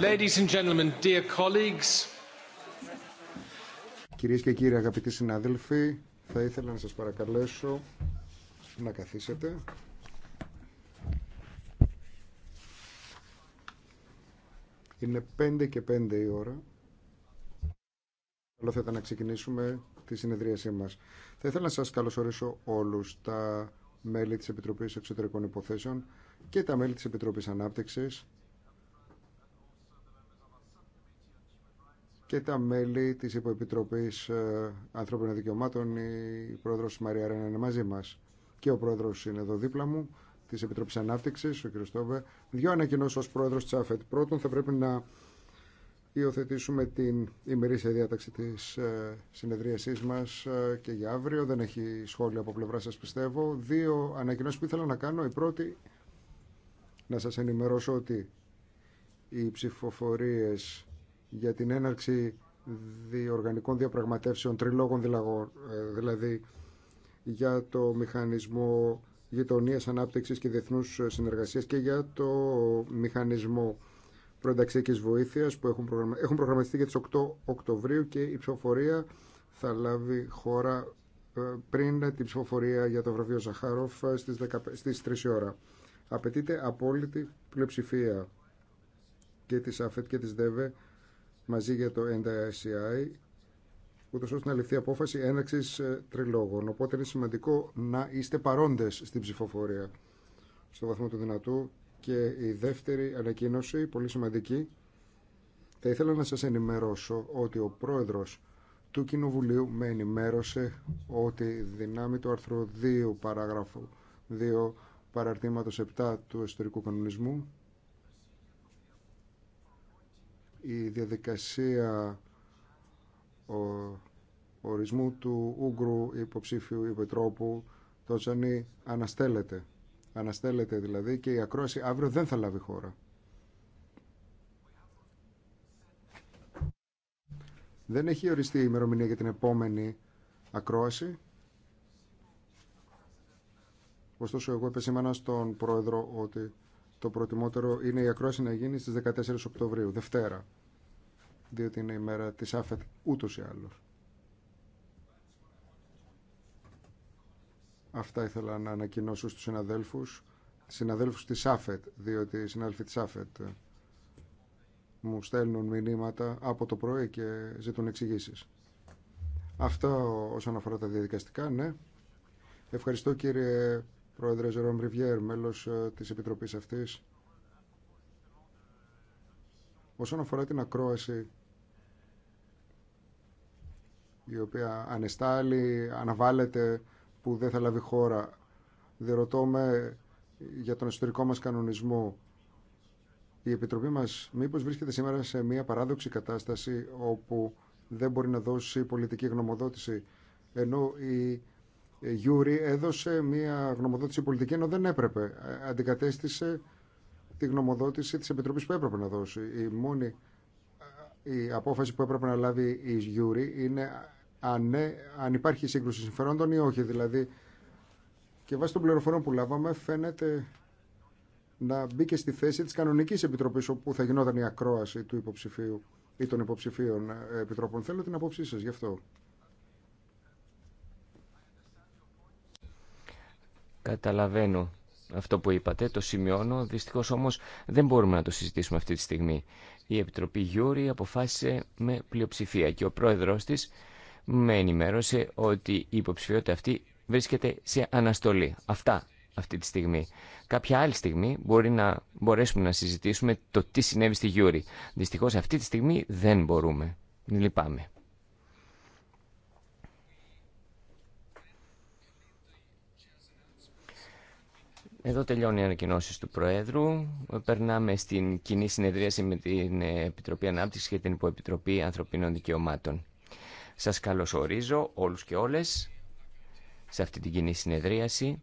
Ladies and gentlemen, dear colleagues. Κυρίες και κύριοι αγαπητοί συνάδελφοι, θα ήθελα να σας παρακαλέσω να καθίσετε. Είναι 5 και 5 η ώρα. Καλό θα ήταν να ξεκινήσουμε τη συνεδρίασή μας. Θα ήθελα να σας καλωσορίσω όλους τα μέλη της Επιτροπής Εξωτερικών Υποθέσεων και τα μέλη της Επιτροπής Ανάπτυξης και τα μέλη της Υποεπιτροπής ε, Ανθρώπινων Δικαιωμάτων. Η πρόεδρος Μαρία Ρένα είναι μαζί μας και ο πρόεδρος είναι εδώ δίπλα μου της Επιτροπής Ανάπτυξης, ο κ. Στόβε. Δύο ανακοινώσεις ως πρόεδρος της ΑΦΕΤ. Πρώτον, θα πρέπει να υιοθετήσουμε την ημερήσια διάταξη της ε, συνεδρίασής μας ε, και για αύριο. Δεν έχει σχόλια από πλευρά σας, πιστεύω. Δύο ανακοινώσεις που ήθελα να κάνω. Η πρώτη, να σας ενημερώσω ότι οι ψηφοφορίες για την έναρξη διοργανικών διαπραγματεύσεων τριλόγων ε, δηλαδή για το μηχανισμό γειτονία ανάπτυξης και διεθνού ε, συνεργασία και για το μηχανισμό προενταξιακή βοήθειας που έχουν, έχουν προγραμματιστεί για τις 8 Οκτωβρίου και η ψηφοφορία θα λάβει χώρα ε, πριν την ψηφοφορία για το βραβείο Ζαχάροφ στις, 10... στις 3 ώρα. Απαιτείται απόλυτη πλειοψηφία και της ΑΦΕΤ και της ΔΕΒΕ μαζί για το NDICI, ούτω ώστε να ληφθεί απόφαση έναρξη ε, τριλόγων. Οπότε είναι σημαντικό να είστε παρόντε στην ψηφοφορία στο βαθμό του δυνατού. Και η δεύτερη ανακοίνωση, πολύ σημαντική, θα ήθελα να σας ενημερώσω ότι ο πρόεδρος του Κοινοβουλίου με ενημέρωσε ότι δυνάμει του άρθρο 2 παράγραφου 2 παραρτήματος 7 του ιστορικού κανονισμού η διαδικασία ορισμού του Ούγκρου υποψήφιου υπετρόπου το Τζανί αναστέλλεται. Αναστέλλεται δηλαδή και η ακρόαση αύριο δεν θα λάβει χώρα. Δεν έχει οριστεί η ημερομηνία για την επόμενη ακρόαση. Ωστόσο, εγώ επεσήμανα στον πρόεδρο ότι το προτιμότερο είναι η ακρόαση να γίνει στις 14 Οκτωβρίου, Δευτέρα, διότι είναι η μέρα της ΑΦΕΤ ούτως ή άλλως. Αυτά ήθελα να ανακοινώσω στους συναδέλφους, συναδέλφους της ΑΦΕΤ, διότι οι συνάδελφοι της ΑΦΕΤ ε, μου στέλνουν μηνύματα από το πρωί και ζητούν εξηγήσει. Αυτά όσον αφορά τα διαδικαστικά, ναι. Ευχαριστώ κύριε πρόεδρε Ζερόμ Ριβιέρ, μέλος ε, της Επιτροπής αυτής. Όσον αφορά την ακρόαση, η οποία ανεστάλλει, αναβάλλεται, που δεν θα λάβει χώρα, δεν για τον εσωτερικό μας κανονισμό. Η Επιτροπή μας μήπως βρίσκεται σήμερα σε μια παράδοξη κατάσταση όπου δεν μπορεί να δώσει πολιτική γνωμοδότηση, ενώ η ε, Γιούρι έδωσε μια γνωμοδότηση πολιτική ενώ δεν έπρεπε. Ε, αντικατέστησε τη γνωμοδότηση της Επιτροπής που έπρεπε να δώσει. Η μόνη ε, η απόφαση που έπρεπε να λάβει η Γιούρι είναι αν, αν υπάρχει σύγκρουση συμφερόντων ή όχι. Δηλαδή, και βάσει των πληροφοριών που λάβαμε φαίνεται να μπήκε στη θέση της κανονικής επιτροπής όπου θα γινόταν η ακρόαση του υποψηφίου ή των υποψηφίων επιτροπών. Θέλω την απόψή σας γι' αυτό. Καταλαβαίνω αυτό που είπατε, το σημειώνω, δυστυχώς όμως δεν μπορούμε να το συζητήσουμε αυτή τη στιγμή. Η Επιτροπή Γιούρη αποφάσισε με πλειοψηφία και ο πρόεδρος της με ενημέρωσε ότι η υποψηφιότητα αυτή βρίσκεται σε αναστολή. Αυτά αυτή τη στιγμή. Κάποια άλλη στιγμή μπορεί να μπορέσουμε να συζητήσουμε το τι συνέβη στη Γιούρη. Δυστυχώς αυτή τη στιγμή δεν μπορούμε. Λυπάμαι. Εδώ τελειώνει οι ανακοινώσει του Προέδρου. Περνάμε στην κοινή συνεδρίαση με την Επιτροπή Ανάπτυξη και την Υποεπιτροπή Ανθρωπίνων Δικαιωμάτων. Σας καλωσορίζω όλους και όλες σε αυτή την κοινή συνεδρίαση,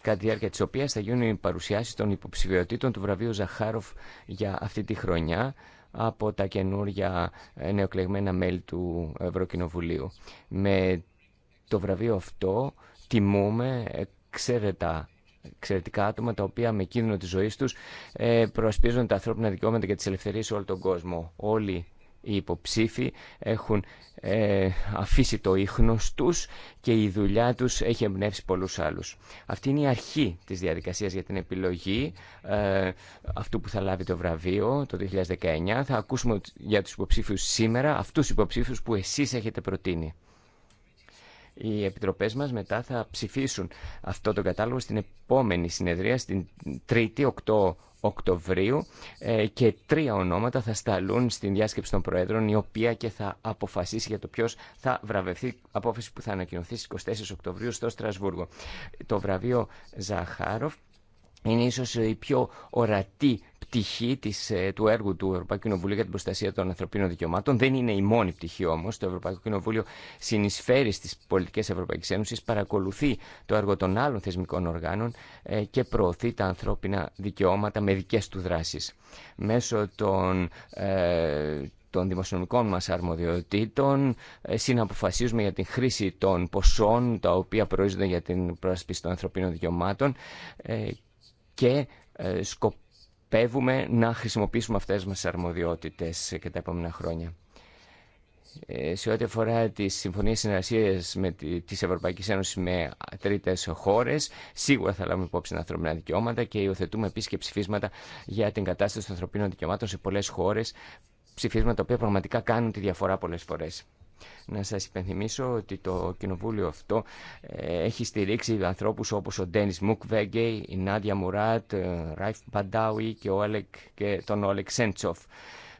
κατά τη διάρκεια της οποίας θα γίνουν οι παρουσιάσεις των υποψηφιωτήτων του βραβείου Ζαχάροφ για αυτή τη χρονιά από τα καινούργια ε, νεοκλεγμένα μέλη του Ευρωκοινοβουλίου. Με το βραβείο αυτό τιμούμε ε, εξαίρετα εξαιρετικά άτομα τα οποία με κίνδυνο της ζωής τους ε, προσπίζονται τα ανθρώπινα δικαιώματα και τις ελευθερίες σε όλο τον κόσμο. Όλοι οι υποψήφοι έχουν ε, αφήσει το ίχνος τους και η δουλειά τους έχει εμπνεύσει πολλούς άλλους. Αυτή είναι η αρχή της διαδικασίας για την επιλογή ε, αυτού που θα λάβει το βραβείο το 2019. Θα ακούσουμε για τους υποψήφιους σήμερα αυτούς υποψήφιους που εσείς έχετε προτείνει οι επιτροπές μας μετά θα ψηφίσουν αυτό το κατάλογο στην επόμενη συνεδρία, στην 3η 8 Οκτωβρίου ε, και τρία ονόματα θα σταλούν στην διάσκεψη των Προέδρων η οποία και θα αποφασίσει για το ποιος θα βραβευθεί απόφαση που θα ανακοινωθεί στις 24 Οκτωβρίου στο Στρασβούργο. Το βραβείο Ζαχάροφ είναι ίσως η πιο ορατή πτυχή της, ε, του έργου του Ευρωπαϊκού Κοινοβουλίου για την προστασία των ανθρωπίνων δικαιωμάτων. Δεν είναι η μόνη πτυχή όμω. Το Ευρωπαϊκό Κοινοβούλιο συνεισφέρει στι πολιτικέ Ευρωπαϊκή Ένωση, παρακολουθεί το έργο των άλλων θεσμικών οργάνων ε, και προωθεί τα ανθρώπινα δικαιώματα με δικέ του δράσει. Μέσω των, ε, των δημοσιονομικών μας αρμοδιοτήτων ε, συναποφασίζουμε για την χρήση των ποσών τα οποία προορίζονται για την προασπίση των ανθρωπίνων δικαιωμάτων και σκοπό σκοπεύουμε να χρησιμοποιήσουμε αυτές μας τις αρμοδιότητες και τα επόμενα χρόνια. Ε, σε ό,τι αφορά τις συμφωνίες συνεργασίας με τη, της Ευρωπαϊκής Ένωσης με τρίτες χώρες, σίγουρα θα λάβουμε υπόψη τα ανθρώπινα δικαιώματα και υιοθετούμε επίσης και ψηφίσματα για την κατάσταση των ανθρωπίνων δικαιωμάτων σε πολλές χώρες, ψηφίσματα τα οποία πραγματικά κάνουν τη διαφορά πολλές φορές. Να σας υπενθυμίσω ότι το κοινοβούλιο αυτό ε, έχει στηρίξει ανθρώπους όπως ο Ντένις Μουκβέγγε, η Νάντια Μουράτ, ε, Ράιφ Μπαντάουι και, ο τον Όλεκ Σέντσοφ.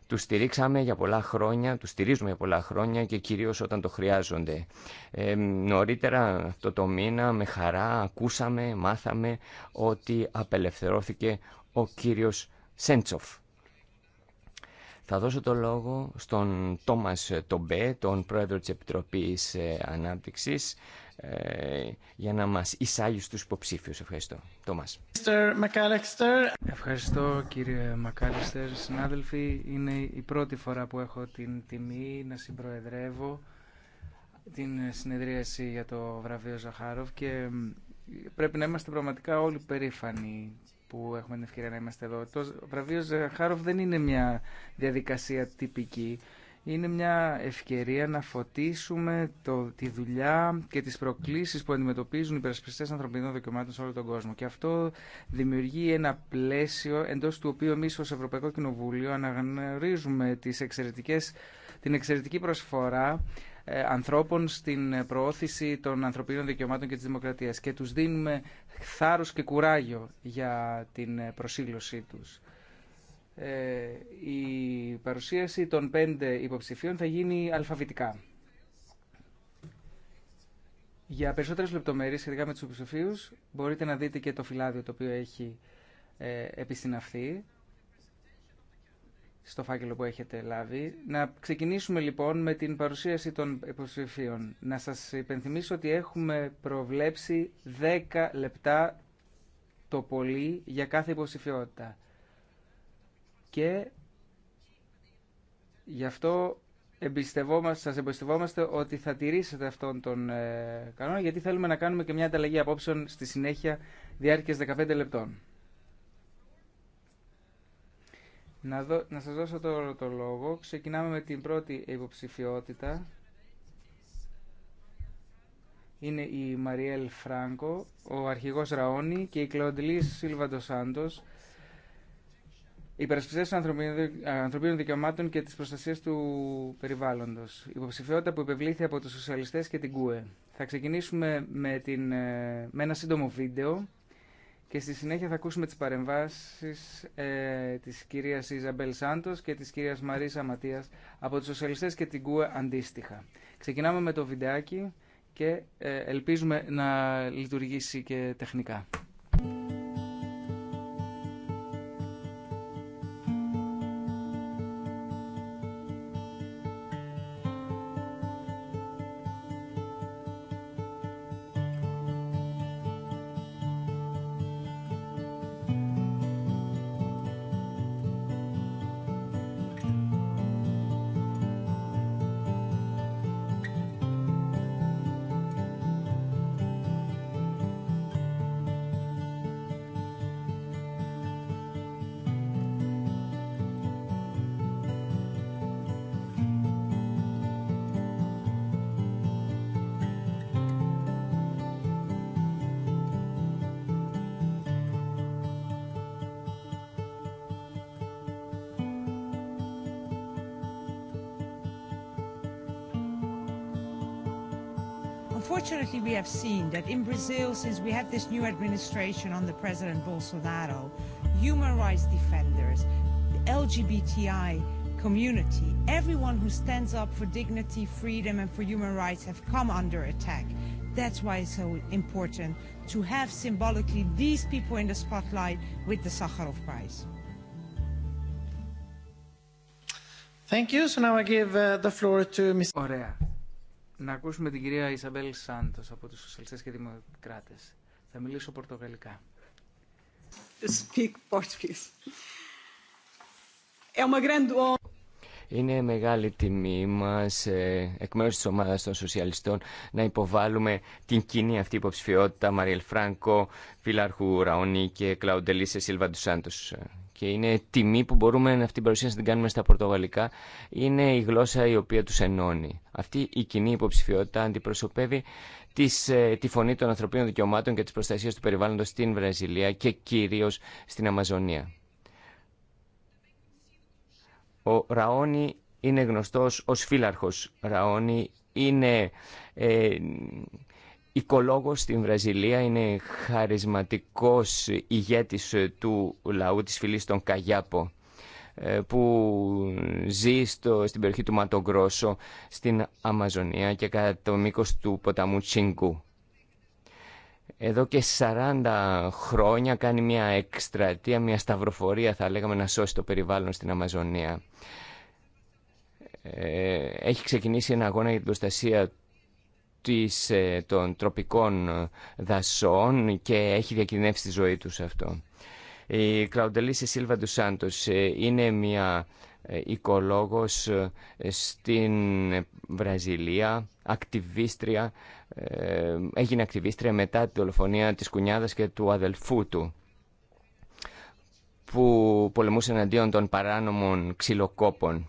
Τους στηρίξαμε για πολλά χρόνια, του στηρίζουμε για πολλά χρόνια και κυρίως όταν το χρειάζονται. Ε, νωρίτερα αυτό το μήνα με χαρά ακούσαμε, μάθαμε ότι απελευθερώθηκε ο κύριος Σέντσοφ. Θα δώσω το λόγο στον Τόμας ε, Τομπέ, τον πρόεδρο της Επιτροπής ε, Ανάπτυξης, ε, για να μας εισάγει στους υποψήφιους. Ευχαριστώ. Τόμας. Ευχαριστώ κύριε Μακάλιστερ. Συνάδελφοι, είναι η πρώτη φορά που έχω την τιμή να συμπροεδρεύω την συνεδρίαση για το βραβείο Ζαχάροφ και πρέπει να είμαστε πραγματικά όλοι περήφανοι που έχουμε την ευκαιρία να είμαστε εδώ. Το βραβείο Ζαχάροφ δεν είναι μια διαδικασία τυπική. Είναι μια ευκαιρία να φωτίσουμε το, τη δουλειά και τις προκλήσεις που αντιμετωπίζουν οι υπερασπιστές ανθρωπινών δικαιωμάτων σε όλο τον κόσμο. Και αυτό δημιουργεί ένα πλαίσιο εντός του οποίου εμείς ως Ευρωπαϊκό Κοινοβούλιο αναγνωρίζουμε τις εξαιρετικές, την εξαιρετική προσφορά ε, ανθρώπων στην προώθηση των ανθρωπίνων δικαιωμάτων και της δημοκρατίας και τους δίνουμε θάρρος και κουράγιο για την ε, προσήλωσή τους. Ε, η παρουσίαση των πέντε υποψηφίων θα γίνει αλφαβητικά. Για περισσότερες λεπτομέρειες σχετικά με τους υποψηφίους μπορείτε να δείτε και το φυλάδιο το οποίο έχει ε, επισυναυθεί στο φάκελο που έχετε λάβει. Να ξεκινήσουμε λοιπόν με την παρουσίαση των υποψηφίων. Να σας υπενθυμίσω ότι έχουμε προβλέψει 10 λεπτά το πολύ για κάθε υποψηφιότητα. Και γι' αυτό εμπιστευόμαστε, σας εμπιστευόμαστε ότι θα τηρήσετε αυτόν τον ε, κανόνα γιατί θέλουμε να κάνουμε και μια ανταλλαγή απόψεων στη συνέχεια διάρκειας 15 λεπτών. Να, σας δώσω τώρα το λόγο. Ξεκινάμε με την πρώτη υποψηφιότητα. Είναι η Μαριέλ Φράνκο, ο αρχηγός Ραόνι και η Κλοντλής Σίλβαντο Σάντος, υπερασπιστές των ανθρωπίνων δικαιωμάτων και της προστασίας του περιβάλλοντος. Υποψηφιότητα που υπευλήθη από τους σοσιαλιστές και την ΚΟΕ. Θα ξεκινήσουμε με, την, ε, με ένα σύντομο βίντεο και στη συνέχεια θα ακούσουμε τις παρεμβάσεις ε, της κυρίας Ιζαμπέλ Σάντος και της κυρίας Μαρίσα Ματίας από τους σοσιαλιστές και την ΚΟΕ αντίστοιχα. Ξεκινάμε με το βιντεάκι και ε, ελπίζουμε να λειτουργήσει και τεχνικά. have seen that in Brazil, since we have this new administration on the President Bolsonaro, human rights defenders, the LGBTI community, everyone who stands up for dignity, freedom and for human rights have come under attack. That's why it's so important to have symbolically these people in the spotlight with the Sakharov Prize. Thank you. So now I give the floor to Ms. Orea. Να ακούσουμε την κυρία Ισαμπέλ Σάντο από του Σοσιαλιστέ και Δημοκράτε. Θα μιλήσω πορτογαλικά. Είναι μεγάλη τιμή μας ε, εκ μέρους της ομάδας των σοσιαλιστών να υποβάλουμε την κοινή αυτή υποψηφιότητα Μαριελ Φράνκο, Φιλάρχου Ραονί και Κλαουντελίσε Σίλβα Ντουσάντος και είναι τιμή που μπορούμε αυτή την παρουσία να την κάνουμε στα πορτογαλικά, είναι η γλώσσα η οποία τους ενώνει. Αυτή η κοινή υποψηφιότητα αντιπροσωπεύει της, ε, τη φωνή των ανθρωπίνων δικαιωμάτων και της προστασίας του περιβάλλοντος στην Βραζιλία και κυρίως στην Αμαζονία. Ο Ραόνι είναι γνωστός ως φύλαρχος. Ραόνι είναι... Ε, οικολόγος στην Βραζιλία, είναι χαρισματικός ηγέτης ε, του λαού της φυλής των Καγιάπο ε, που ζει στο, στην περιοχή του Ματογκρόσο στην Αμαζονία και κατά το μήκος του ποταμού Τσίνκου. Εδώ και 40 χρόνια κάνει μια εκστρατεία, μια σταυροφορία θα λέγαμε να σώσει το περιβάλλον στην Αμαζονία. Ε, έχει ξεκινήσει ένα αγώνα για την προστασία της, ε, των τροπικών δασών και έχει διακινδυνεύσει τη ζωή τους αυτό. Η Κλαουντελίση Σίλβα του ε, είναι μια ε, οικολόγος στην Βραζιλία, ακτιβίστρια, έγινε ακτιβίστρια μετά τη δολοφονία της κουνιάδας και του αδελφού του που πολεμούσε εναντίον των παράνομων ξυλοκόπων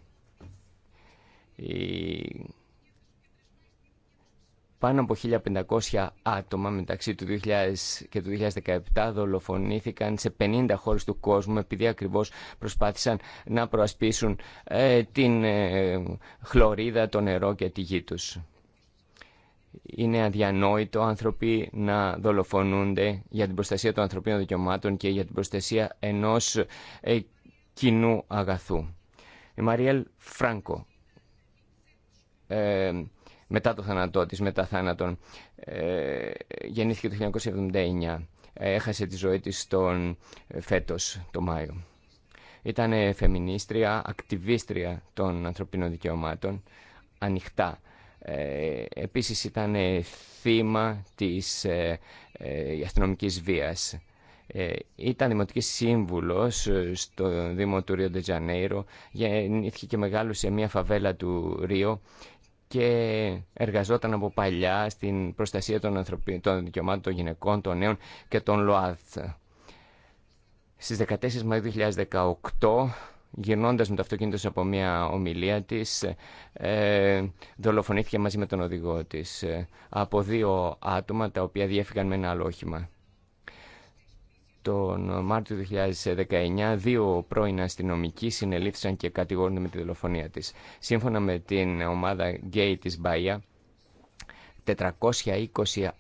πάνω από 1.500 άτομα μεταξύ του 2000 και του 2017 δολοφονήθηκαν σε 50 χώρες του κόσμου επειδή ακριβώς προσπάθησαν να προασπίσουν ε, την ε, χλωρίδα, το νερό και τη γη τους. Είναι αδιανόητο άνθρωποι να δολοφονούνται για την προστασία των ανθρωπίνων δικαιωμάτων και για την προστασία ενός ε, κοινού αγαθού. Η Μαριέλ Φράνκο ε, μετά το θάνατό της, μετά θάνατον. Ε, γεννήθηκε το 1979. Ε, έχασε τη ζωή της τον ε, φέτος, το Μάιο. Ήταν φεμινίστρια, ακτιβίστρια των ανθρωπίνων δικαιωμάτων, ανοιχτά. Ε, επίσης ήταν θύμα της ε, ε, αστυνομικής βίας. Ε, ήταν δημοτική σύμβουλος στο Δήμο του Ρίο Ντετζανέιρο. Γεννήθηκε και μεγάλωσε σε μια φαβέλα του Ρίο και εργαζόταν από παλιά στην προστασία των, ανθρωπι... των δικαιωμάτων των γυναικών, των νέων και των ΛΟΑΔ. Στις 14 Μαΐου 2018, γυρνώντας με το αυτοκίνητο από μια ομιλία της, ε, δολοφονήθηκε μαζί με τον οδηγό της ε, από δύο άτομα τα οποία διέφυγαν με ένα όχημα τον Μάρτιο του 2019 δύο πρώην αστυνομικοί συνελήφθησαν και κατηγορούνται με τη δολοφονία της. Σύμφωνα με την ομάδα Gay της Μπαϊά, 420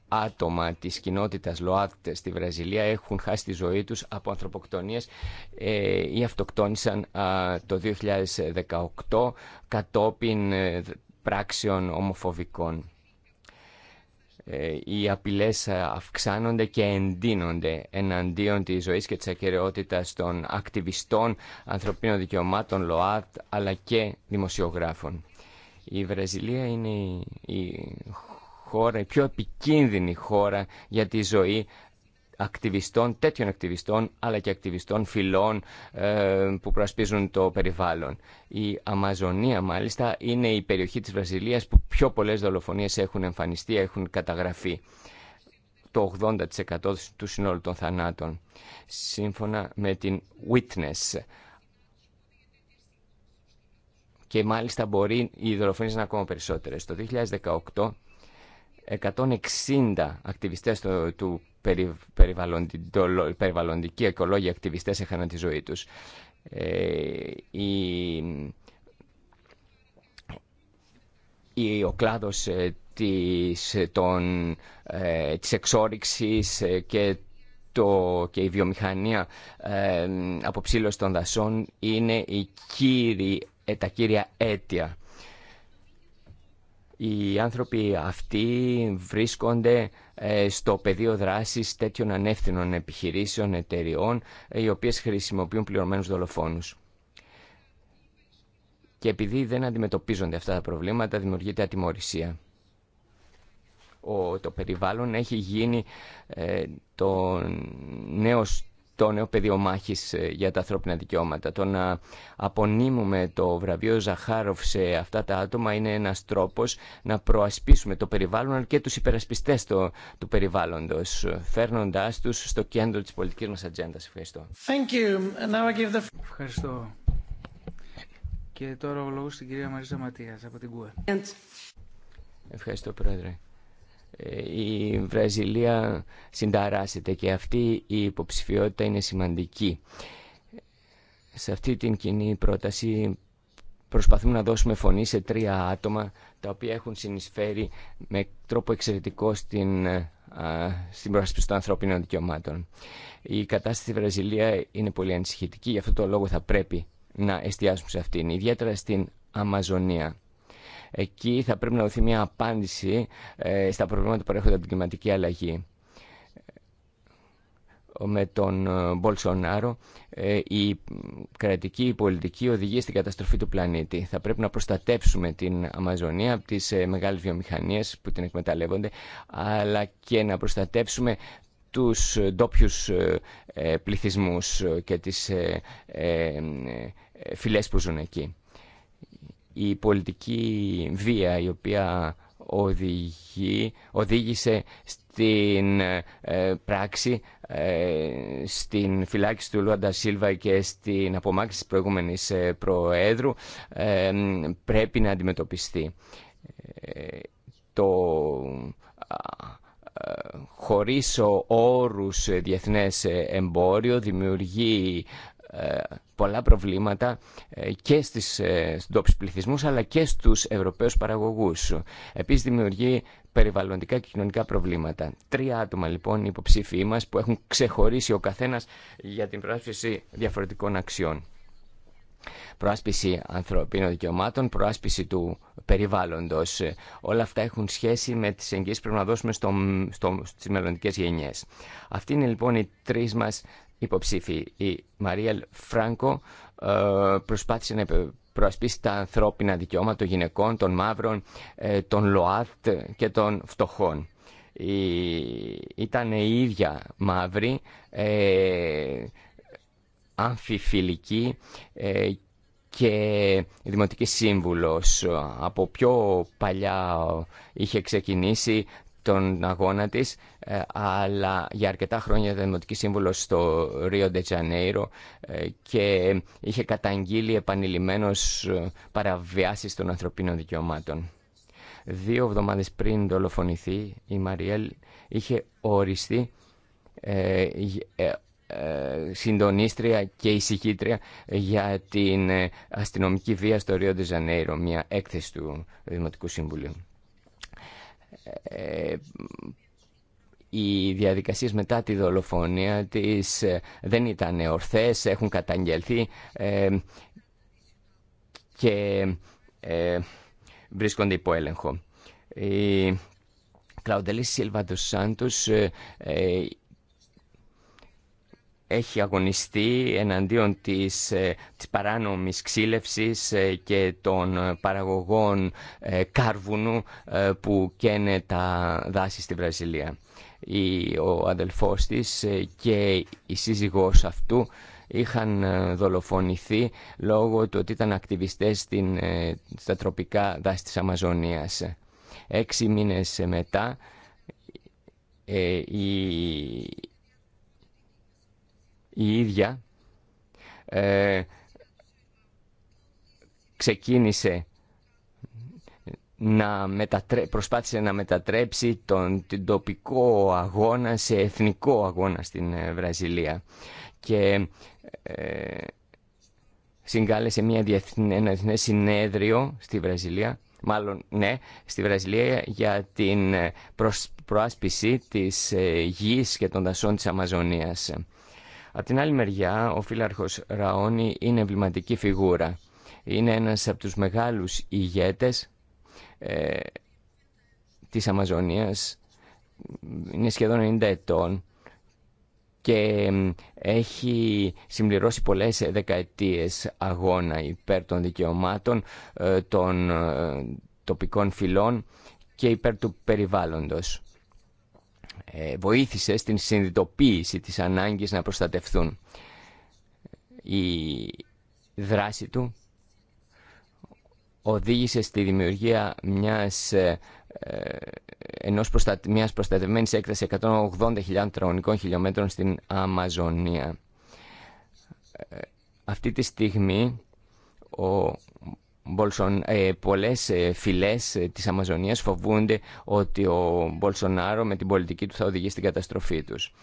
άτομα της κοινότητας ΛΟΑΤ στη Βραζιλία έχουν χάσει τη ζωή τους από ανθρωποκτονίες ή ε, αυτοκτόνησαν το 2018 κατόπιν ε, πράξεων ομοφοβικών. Ε, οι απειλές ε, αυξάνονται και εντείνονται εναντίον της ζωής και της ακαιρεότητας των ακτιβιστών, ανθρωπίνων δικαιωμάτων, ΛΟΑΤ, αλλά και δημοσιογράφων. Η Βραζιλία είναι η χώρα, η πιο επικίνδυνη χώρα για τη ζωή ακτιβιστών, τέτοιων ακτιβιστών, αλλά και ακτιβιστών φυλών ε, που προασπίζουν το περιβάλλον. Η Αμαζονία, μάλιστα, είναι η περιοχή της Βραζιλίας που πιο πολλές δολοφονίες έχουν εμφανιστεί, έχουν καταγραφεί το 80% του συνόλου των θανάτων, σύμφωνα με την Witness. Και μάλιστα μπορεί οι δολοφονίες να είναι ακόμα περισσότερες. Το 2018 160 ακτιβιστές του περιβαλλοντικοί οικολόγοι ακτιβιστές έχαναν τη ζωή του ε, η, ο κλάδος ε, της, ε, των, της εξόριξης και το, και η βιομηχανία ε, αποψήλωση των δασών είναι η κύρι, τα κύρια αίτια οι άνθρωποι αυτοί βρίσκονται ε, στο πεδίο δράσης τέτοιων ανεύθυνων επιχειρήσεων, εταιριών, ε, οι οποίες χρησιμοποιούν πληρωμένους δολοφόνους. Και επειδή δεν αντιμετωπίζονται αυτά τα προβλήματα, δημιουργείται ατιμορρησία. Ο, το περιβάλλον έχει γίνει ε, το νέος το νέο πεδίο μάχη ε, για τα ανθρώπινα δικαιώματα. Το να απονείμουμε το βραβείο Ζαχάροφ σε αυτά τα άτομα είναι ένα τρόπο να προασπίσουμε το περιβάλλον αλλά και του υπερασπιστέ του, του περιβάλλοντος, φέρνοντάς τους στο κέντρο τη πολιτική μα ατζέντα. Ευχαριστώ. Ευχαριστώ. Και τώρα ο λόγος στην κυρία Μαρίζα Ματίας από την ΚΟΕ. Ευχαριστώ, Πρόεδρε η Βραζιλία συνταράσσεται και αυτή η υποψηφιότητα είναι σημαντική. Σε αυτή την κοινή πρόταση προσπαθούμε να δώσουμε φωνή σε τρία άτομα τα οποία έχουν συνεισφέρει με τρόπο εξαιρετικό στην, ε, στην των ανθρώπινων δικαιωμάτων. Η κατάσταση στη Βραζιλία είναι πολύ ανησυχητική, γι' αυτό το λόγο θα πρέπει να εστιάσουμε σε αυτήν, ιδιαίτερα στην Αμαζονία. Εκεί θα πρέπει να δοθεί μια απάντηση ε, στα προβλήματα που έρχονται από την κλιματική αλλαγή. Με τον ε, Μπολσονάρο ε, η κρατική η πολιτική οδηγεί στην καταστροφή του πλανήτη. Θα πρέπει να προστατεύσουμε την Αμαζονία από τις μεγάλες βιομηχανίες που την εκμεταλλεύονται αλλά και να προστατεύσουμε τους ντόπιου πληθυσμούς και τις φυλές που ζουν εκεί η πολιτική βία η οποία οδηγεί, οδήγησε στην ε, πράξη, ε, στην φυλάκιση του Λουάντα Σίλβα και στην απομάκρυνση της προηγούμενης ε, προέδρου πρέπει να αντιμετωπιστεί. Το χωρίς όρους διεθνές εμπόριο δημιουργεί ε, πολλά προβλήματα ε, και στις, ε, στους ντόπιους πληθυσμούς αλλά και στους Ευρωπαίους παραγωγούς. Επίσης δημιουργεί περιβαλλοντικά και κοινωνικά προβλήματα. Τρία άτομα λοιπόν οι υποψήφοι μας που έχουν ξεχωρίσει ο καθένας για την προάσπιση διαφορετικών αξιών. Προάσπιση ανθρωπίνων δικαιωμάτων, προάσπιση του περιβάλλοντος. Όλα αυτά έχουν σχέση με τις εγγύσεις που πρέπει να δώσουμε στι μελλοντικέ στις Αυτοί είναι λοιπόν οι τρεις μας Υποψήφιοι Η Μαρία Φράνκο ε, προσπάθησε να προασπίσει τα ανθρώπινα δικαιώματα των γυναικών, των μαύρων, ε, των ΛΟΑΤ και των φτωχών. Ήταν η ίδια μαύρη, ε, αμφιφιλική ε, και δημοτική σύμβουλος. Από πιο παλιά είχε ξεκινήσει τον αγώνα της, ε, αλλά για αρκετά χρόνια ήταν δημοτική σύμβολο στο Ρίο Τζανέιρο ε, και είχε καταγγείλει επανειλημμένω ε, παραβιάσει των ανθρωπίνων δικαιωμάτων. Δύο εβδομάδε πριν δολοφονηθεί η Μαριέλ είχε οριστεί συντονίστρια και ησυχήτρια για την αστυνομική βία στο Ρίο Τζανέιρο μια έκθεση του Δημοτικού Συμβουλίου. Ε, ε, οι διαδικασίες μετά τη δολοφονία της ε, δεν ήταν ορθές, έχουν καταγγελθεί και βρίσκονται υπό έλεγχο. Η Κλαουντελή Σίλβα Σάντους έχει αγωνιστεί εναντίον της, ε, της παράνομης ξύλευσης ε, και των παραγωγών ε, κάρβουνου που καίνε τα δάση στη Βραζιλία. Ο αδελφός της και η σύζυγός αυτού είχαν δολοφονηθεί λόγω του ότι ήταν ακτιβιστές στην, στα τροπικά δάση της Αμαζονίας. Έξι μήνες μετά η η ίδια ε, ξεκίνησε να προσπάθησε να μετατρέψει τον, τον τοπικό αγώνα σε εθνικό αγώνα στην ε, Βραζιλία και ε, συγκάλεσε μια ένα διεθνέ συνέδριο στη Βραζιλία μάλλον ναι, στη Βραζιλία για την ε, προσ... προάσπιση της γης και των δασών της Αμαζονίας. Από την άλλη μεριά, ο φύλαρχος Ραόνι είναι εμβληματική φιγούρα. Είναι ένας από τους μεγάλους ηγέτες ε, της Αμαζονίας. Είναι σχεδόν 90 ετών και έχει συμπληρώσει πολλές δεκαετίες αγώνα υπέρ των δικαιωμάτων ε, των ε, τοπικών φυλών και υπέρ του περιβάλλοντος. Ε, βοήθησε στην συνειδητοποίηση της ανάγκης να προστατευθούν. Η δράση του οδήγησε στη δημιουργία μιας, ε, ε ενός μιας προστατευμένης έκτασης 180.000 τραγωνικών χιλιόμετρων στην Αμαζονία. Ε, αυτή τη στιγμή ο Μπολσον, ε, πολλές ε, φυλές ε, της Αμαζονίας φοβούνται ότι ο Μπολσονάρο με την πολιτική του θα οδηγει στην καταστροφή τους.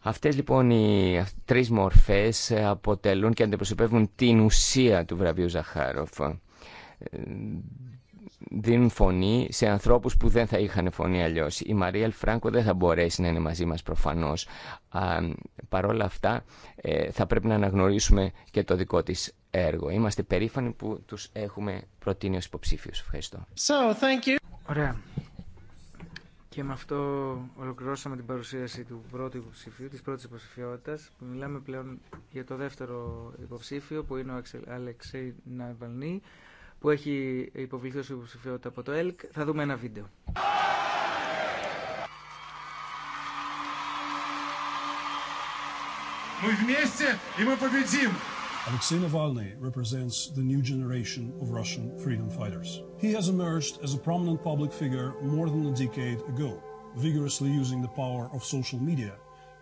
Αυτές λοιπόν οι τρεις μορφές ε, αποτελούν και αντιπροσωπεύουν την ουσία του βραβείου Ζαχάροφ. Δίνουν φωνή σε ανθρώπους που δεν θα είχαν φωνή αλλιώς. Η Μαρία Ελφράνκο δεν θα μπορέσει να είναι μαζί μας προφανώς. Παρ' όλα αυτά θα πρέπει να αναγνωρίσουμε και το δικό της έργο. Είμαστε περήφανοι που του έχουμε προτείνει ω υποψήφιου. Ευχαριστώ. So, thank you. Ωραία. Και με αυτό ολοκληρώσαμε την παρουσίαση του πρώτου υποψηφίου, της πρώτης υποψηφιότητας. Μιλάμε πλέον για το δεύτερο υποψήφιο που είναι ο Αλεξέη Ναβαλνή που έχει υποβληθεί ως υποψηφιότητα από το ΕΛΚ. Θα δούμε ένα βίντεο. Мы вместе, и мы победим! Alexei Navalny represents the new generation of Russian freedom fighters. He has emerged as a prominent public figure more than a decade ago, vigorously using the power of social media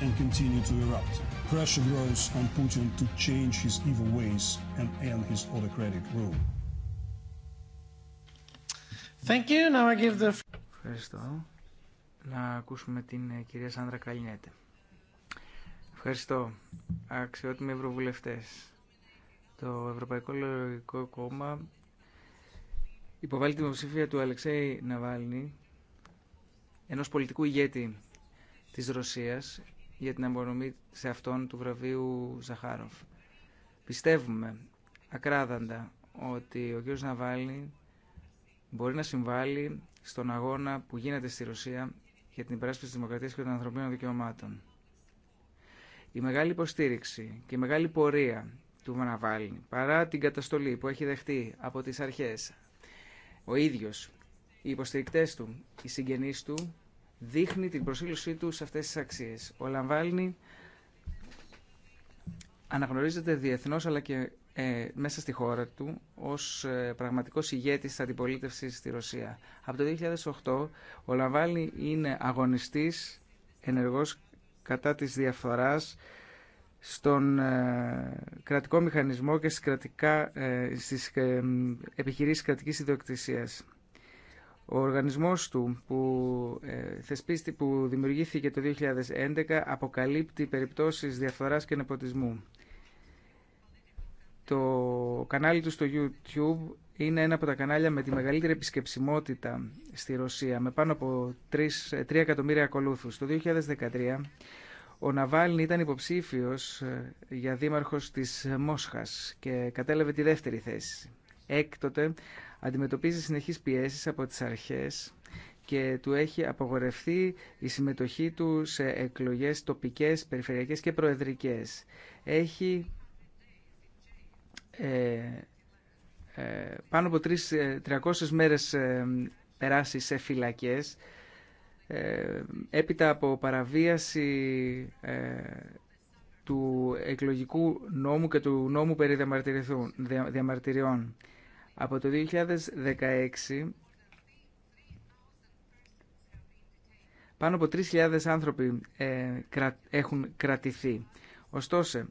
and continue to erupt. Pressure grows on Putin to change his evil ways and end his autocratic rule. Thank you. Now I give the... Ευχαριστώ. Να ακούσουμε την ε, κυρία Σάντρα Καλινέτε. Ευχαριστώ. Αξιότιμοι ευρωβουλευτές. Το Ευρωπαϊκό Λογικό Κόμμα υποβάλλει την υποψήφια του Αλεξέη Ναβάλνη, ενός πολιτικού ηγέτη της Ρωσίας, για την απονομή σε αυτόν του βραβείου Ζαχάροφ. Πιστεύουμε ακράδαντα ότι ο κ. Ναβάλι μπορεί να συμβάλλει στον αγώνα που γίνεται στη Ρωσία για την υπεράσπιση της δημοκρατίας και των ανθρωπίνων δικαιωμάτων. Η μεγάλη υποστήριξη και η μεγάλη πορεία του Ναβάλι, παρά την καταστολή που έχει δεχτεί από τις αρχές, ο ίδιος, οι υποστηρικτές του, οι συγγενείς του, δείχνει την προσήλωσή του σε αυτές τις αξίες. Ο Λαμβάλνη αναγνωρίζεται διεθνώς αλλά και ε, μέσα στη χώρα του ως ε, πραγματικός ηγέτης της αντιπολίτευσης στη Ρωσία. Από το 2008 ο Λαμβάλνη είναι αγωνιστής ενεργός κατά της διαφθοράς στον ε, κρατικό μηχανισμό και στις, κρατικά, ε, στις επιχειρήσεις κρατικής ιδιοκτησίας. Ο οργανισμός του που, ε, θεσπίστη, που δημιουργήθηκε το 2011 αποκαλύπτει περιπτώσεις διαφθοράς και νεποτισμού. Το κανάλι του στο YouTube είναι ένα από τα κανάλια με τη μεγαλύτερη επισκεψιμότητα στη Ρωσία, με πάνω από 3, 3 ε, εκατομμύρια ακολούθους. Το 2013 ο Ναβάλνη ήταν υποψήφιος ε, για δήμαρχος της Μόσχας και κατέλαβε τη δεύτερη θέση. Έκτοτε αντιμετωπίζει συνεχείς πιέσεις από τις αρχές και του έχει απογορευτεί η συμμετοχή του σε εκλογές τοπικές, περιφερειακές και προεδρικές. Έχει ε, ε, πάνω από 300 ε, μέρες ε, περάσει σε φυλακές ε, έπειτα από παραβίαση του εκλογικού νόμου και του νόμου περί διαμαρτυριών. Από το 2016 πάνω από 3.000 άνθρωποι ε, έχουν κρατηθεί. Ωστόσο,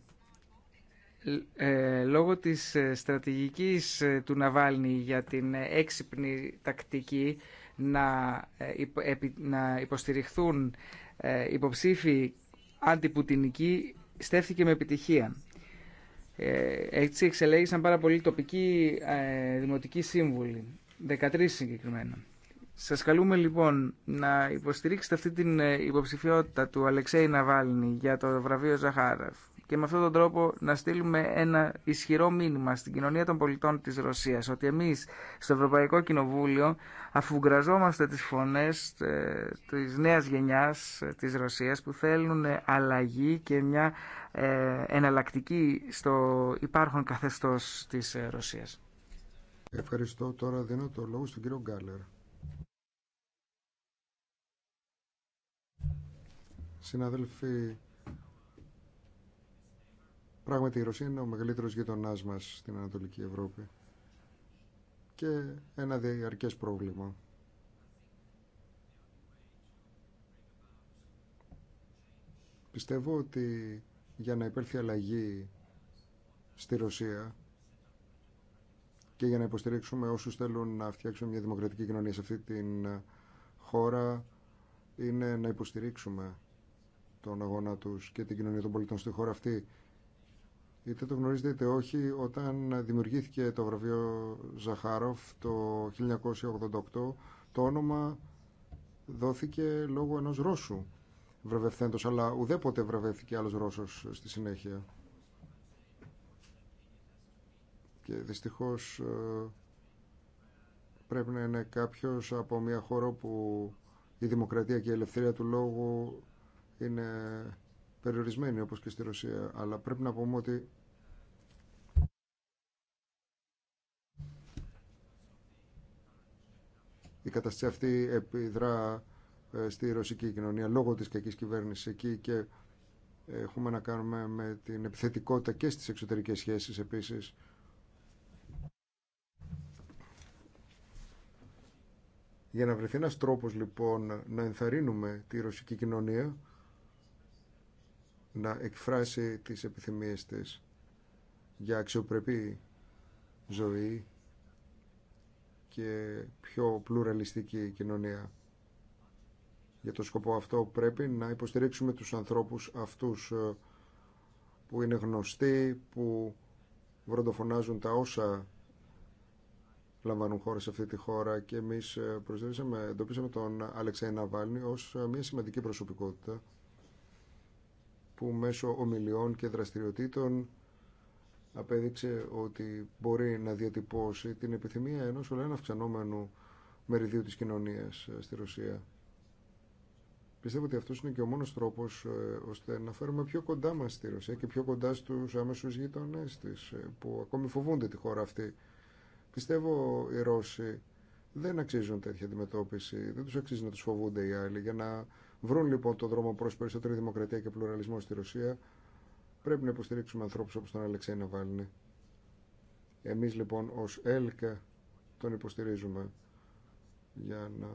ε, λόγω της ε, στρατηγικής του Ναβάλνη για την έξυπνη τακτική να υποστηριχθούν υποψήφοι αντιπουτινικοί στέφθηκε με επιτυχία. Ε, έτσι εξελέγησαν πάρα πολύ τοπικοί ε, δημοτικοί σύμβουλοι, 13 συγκεκριμένα. Σας καλούμε λοιπόν να υποστηρίξετε αυτή την ε, υποψηφιότητα του Αλεξέη Ναβάλνη για το βραβείο Ζαχάρεφ και με αυτόν τον τρόπο να στείλουμε ένα ισχυρό μήνυμα στην κοινωνία των πολιτών της Ρωσίας ότι εμείς στο Ευρωπαϊκό Κοινοβούλιο αφού γκραζόμαστε τις φωνές ε, της νέας γενιάς ε, της Ρωσίας που θέλουν αλλαγή και μια ε, εναλλακτική στο υπάρχον καθεστώς της Ρωσίας. Ευχαριστώ. Τώρα δίνω το λόγο στον κύριο Γκάλερ. Συναδελφοί, Πράγματι η Ρωσία είναι ο μεγαλύτερο γείτονά μας στην Ανατολική Ευρώπη και ένα διαρκέ πρόβλημα. Πιστεύω ότι για να υπέρθει αλλαγή στη Ρωσία και για να υποστηρίξουμε όσους θέλουν να φτιάξουν μια δημοκρατική κοινωνία σε αυτή την χώρα είναι να υποστηρίξουμε τον αγώνα τους και την κοινωνία των πολιτών στη χώρα αυτή είτε το γνωρίζετε είτε όχι, όταν δημιουργήθηκε το βραβείο Ζαχάροφ το 1988, το όνομα δόθηκε λόγω ενός Ρώσου βραβευθέντος, αλλά ουδέποτε βραβεύθηκε άλλος Ρώσος στη συνέχεια. Και δυστυχώς ε, πρέπει να είναι κάποιος από μια χώρα που η δημοκρατία και η ελευθερία του λόγου είναι περιορισμένη όπως και στη Ρωσία, αλλά πρέπει να πούμε ότι η κατάσταση αυτή επιδρά ε, στη ρωσική κοινωνία λόγω της κακής κυβέρνησης εκεί και έχουμε να κάνουμε με την επιθετικότητα και στις εξωτερικές σχέσεις επίσης. Για να βρεθεί ένας τρόπος λοιπόν να ενθαρρύνουμε τη ρωσική κοινωνία να εκφράσει τις επιθυμίες της για αξιοπρεπή ζωή και πιο πλουραλιστική κοινωνία. Για το σκοπό αυτό πρέπει να υποστηρίξουμε τους ανθρώπους αυτούς ε, που είναι γνωστοί, που βροντοφωνάζουν τα όσα λαμβάνουν χώρα σε αυτή τη χώρα και εμείς ε, προσδορίσαμε, εντοπίσαμε τον Αλεξέη Ναβάλνη ως ε, μια σημαντική προσωπικότητα που μέσω ομιλιών και δραστηριοτήτων απέδειξε ότι μπορεί να διατυπώσει την επιθυμία ενός ολένα αυξανόμενου μεριδίου της κοινωνίας ε, στη Ρωσία. Πιστεύω ότι αυτός είναι και ο μόνος τρόπος ε, ώστε να φέρουμε πιο κοντά μας στη Ρωσία και πιο κοντά στους άμεσους γείτονές της ε, που ακόμη φοβούνται τη χώρα αυτή. Πιστεύω οι Ρώσοι δεν αξίζουν τέτοια αντιμετώπιση, δεν τους αξίζει να τους φοβούνται οι άλλοι για να βρουν λοιπόν το δρόμο προς περισσότερη δημοκρατία και πλουραλισμό στη Ρωσία, πρέπει να υποστηρίξουμε ανθρώπους όπως τον Αλεξέη Ναβάλνη. Εμείς λοιπόν ως ΕΛΚΑ τον υποστηρίζουμε για να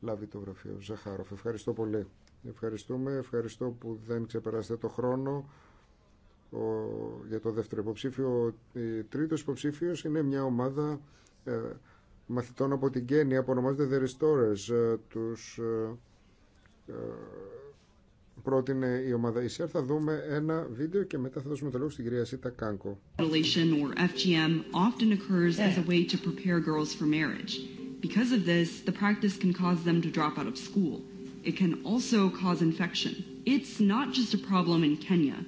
λάβει το γραφείο Ζαχάροφ. Ευχαριστώ πολύ. Ευχαριστούμε. Ευχαριστώ που δεν ξεπεράσετε το χρόνο ο, για το δεύτερο υποψήφιο. Ο τρίτος υποψήφιος είναι μια ομάδα ε, μαθητών από την Κένια που ονομάζεται The Restorers. Ε, τους, ε, πρότεινε η ομάδα ECR. Θα δούμε ένα βίντεο και μετά θα δώσουμε το λόγο στην κυρία Σίτα Κάνκο. or FGM often occurs as a way to prepare girls for marriage. Because of this, the practice can cause them to drop out of school. It can also cause infection. It's not just a problem in Kenya.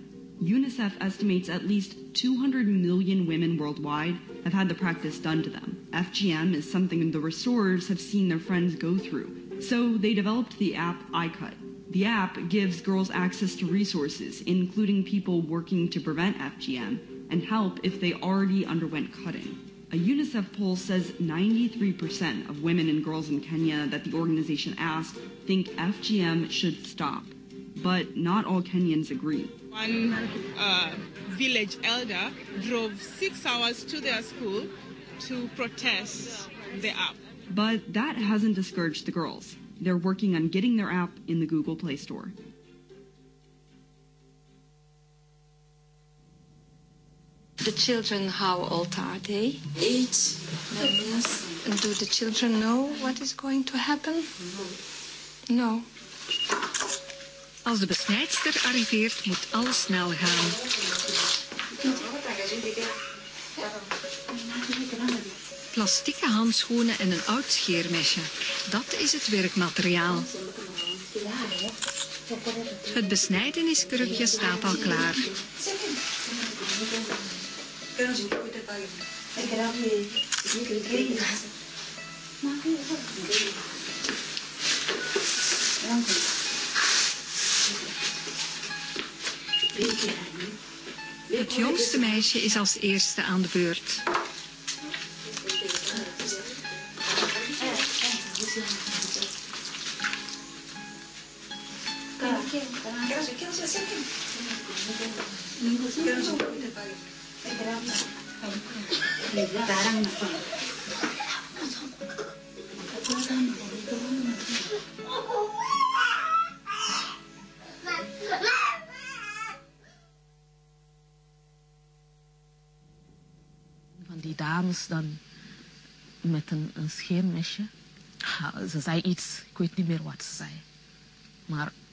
UNICEF estimates at least 200 million women worldwide have had the practice done to them. FGM is something the restorers have seen their friends go through So they developed the app iCut. The app gives girls access to resources, including people working to prevent FGM, and help if they already underwent cutting. A UNICEF poll says 93% of women and girls in Kenya that the organization asked think FGM should stop. But not all Kenyans agree. One uh, village elder drove six hours to their school to protest the app. But that hasn't discouraged the girls. They're working on getting their app in the Google Play Store. The children, how old are they? Eight. Nine Do the children know what is going to happen? No. Als de besnijdster arriveert, moet alles snel gaan plastieke handschoenen en een oud scheermesje. Dat is het werkmateriaal. Het besnijdeniskrukje staat al klaar. Het jongste meisje is als eerste aan de beurt. Van die dames dan met een, een scheermesje. Ze zei iets, ik weet niet meer wat ze zei. Maar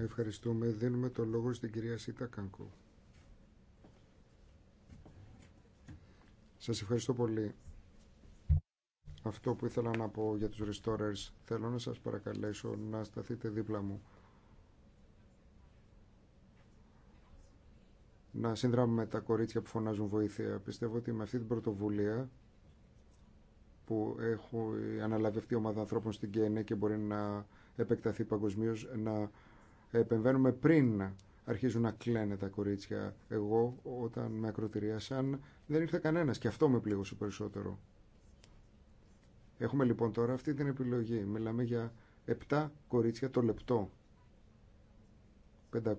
Ευχαριστούμε. Δίνουμε το λόγο στην κυρία Σίτα Κανκού. Σας ευχαριστώ πολύ. Αυτό που ήθελα να πω για τους restorers, θέλω να σας παρακαλέσω να σταθείτε δίπλα μου. Να συνδράμουμε τα κορίτσια που φωνάζουν βοήθεια. Πιστεύω ότι με αυτή την πρωτοβουλία που έχω αναλάβει ομάδα ανθρώπων στην ΚΕΝΕ και μπορεί να επεκταθεί παγκοσμίω να επεμβαίνουμε πριν αρχίζουν να κλαίνε τα κορίτσια. Εγώ όταν με ακροτηρίασαν δεν ήρθε κανένας και αυτό με πλήγωσε περισσότερο. Έχουμε λοιπόν τώρα αυτή την επιλογή. Μιλάμε για 7 κορίτσια το λεπτό. 500.000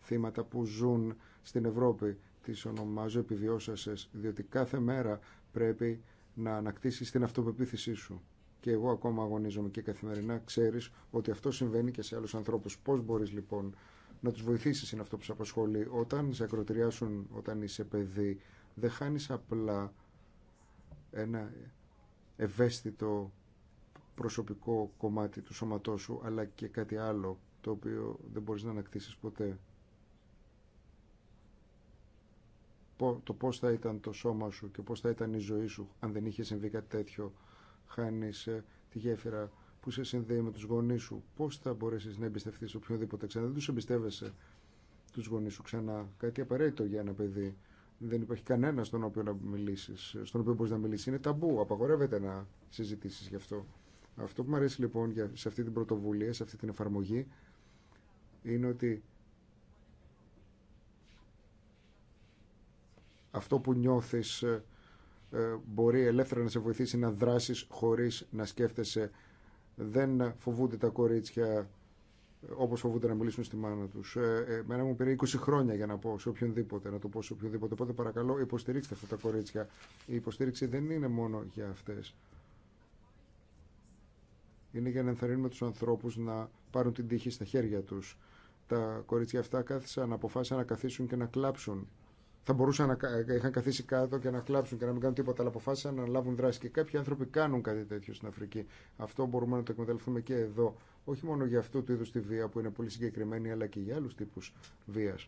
θύματα που ζουν στην Ευρώπη. Τις ονομάζω επιβιώσασες, διότι κάθε μέρα πρέπει να ανακτήσεις την αυτοπεποίθησή σου και εγώ ακόμα αγωνίζομαι και καθημερινά, ξέρεις ότι αυτό συμβαίνει και σε άλλους ανθρώπους. Πώς μπορείς λοιπόν να τους βοηθήσεις είναι αυτό που σε απασχολεί. Όταν σε ακροτηριάσουν όταν είσαι παιδί, δεν χάνεις απλά ένα ευαίσθητο προσωπικό κομμάτι του σώματός σου, αλλά και κάτι άλλο το οποίο δεν μπορείς να ανακτήσεις ποτέ. Το πώς θα ήταν το σώμα σου και πώς θα ήταν η ζωή σου αν δεν είχε συμβεί κάτι τέτοιο χάνεις ε, τη γέφυρα που σε συνδέει με τους γονείς σου, πώς θα μπορέσεις να εμπιστευτείς οποιονδήποτε ξανά. Δεν τους εμπιστεύεσαι τους γονείς σου ξανά. Κάτι απαραίτητο για ένα παιδί. Δεν υπάρχει κανένα στον οποίο να μιλήσεις, στον οποίο μπορείς να μιλήσεις. Είναι ταμπού, απαγορεύεται να συζητήσεις γι' αυτό. Αυτό που μου αρέσει λοιπόν σε αυτή την πρωτοβουλία, σε αυτή την εφαρμογή, είναι ότι αυτό που νιώθεις ε, ε, μπορεί ελεύθερα να σε βοηθήσει να δράσεις χωρίς να σκέφτεσαι. Δεν φοβούνται τα κορίτσια ε, όπως φοβούνται να μιλήσουν στη μάνα τους. Εμένα ε, μου πήρε 20 χρόνια για να πω σε οποιονδήποτε, να το πω σε οποιονδήποτε. Οπότε παρακαλώ υποστηρίξτε αυτά τα κορίτσια. Η υποστήριξη δεν είναι μόνο για αυτές. Είναι για να ενθαρρύνουμε τους ανθρώπους να πάρουν την τύχη στα χέρια τους. Τα κορίτσια αυτά κάθισαν, αποφάσισαν να καθίσουν και να κλάψουν θα μπορούσαν να ε, είχαν καθίσει κάτω και να κλάψουν και να μην κάνουν τίποτα, αλλά αποφάσισαν να λάβουν δράση. Και κάποιοι άνθρωποι κάνουν κάτι τέτοιο στην Αφρική. Αυτό μπορούμε να το εκμεταλλευτούμε και εδώ. Όχι μόνο για αυτού του είδου τη βία που είναι πολύ συγκεκριμένη, αλλά και για άλλου τύπου βία.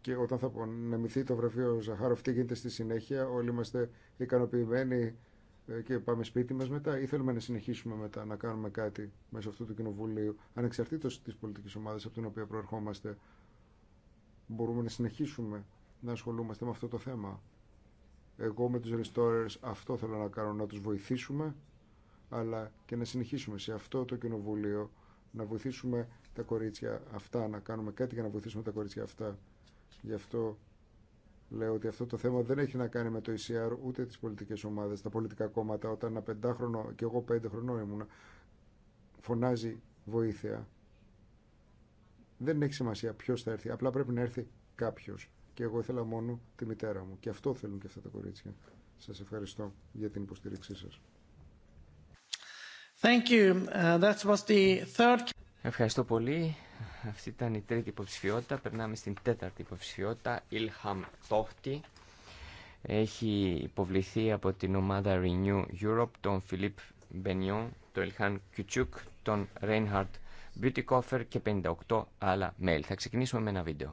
Και όταν θα απονεμηθεί το βραβείο Ζαχάροφ, τι γίνεται στη συνέχεια, όλοι είμαστε ικανοποιημένοι ε, και πάμε σπίτι μας μετά ή θέλουμε να συνεχίσουμε μετά να κάνουμε κάτι μέσω αυτού του κοινοβουλίου ανεξαρτήτως της πολιτικής ομάδας από την οποία προερχόμαστε μπορούμε να συνεχίσουμε να ασχολούμαστε με αυτό το θέμα εγώ με τους restorers αυτό θέλω να κάνω να τους βοηθήσουμε αλλά και να συνεχίσουμε σε αυτό το κοινοβουλίο να βοηθήσουμε τα κορίτσια αυτά να κάνουμε κάτι για να βοηθήσουμε τα κορίτσια αυτά γι' αυτό λέω ότι αυτό το θέμα δεν έχει να κάνει με το ECR ούτε τις πολιτικές ομάδες, τα πολιτικά κόμματα. Όταν ένα πεντάχρονο και εγώ πέντε χρονών ήμουν, φωνάζει βοήθεια. Δεν έχει σημασία ποιο θα έρθει. Απλά πρέπει να έρθει κάποιο. Και εγώ ήθελα μόνο τη μητέρα μου. Και αυτό θέλουν και αυτά τα κορίτσια. Σα ευχαριστώ για την υποστήριξή σα. Thank you. Uh, was Ευχαριστώ πολύ. Αυτή ήταν η τρίτη υποψηφιότητα. Περνάμε στην τέταρτη υποψηφιότητα. Ilham Tohti. Έχει υποβληθεί από την ομάδα Renew Europe τον Φιλίπ Μπενιόν, τον Ilhan Κιουτσούκ, τον Reinhard Beauty και 58 άλλα μέλη. Θα ξεκινήσουμε με ένα βίντεο.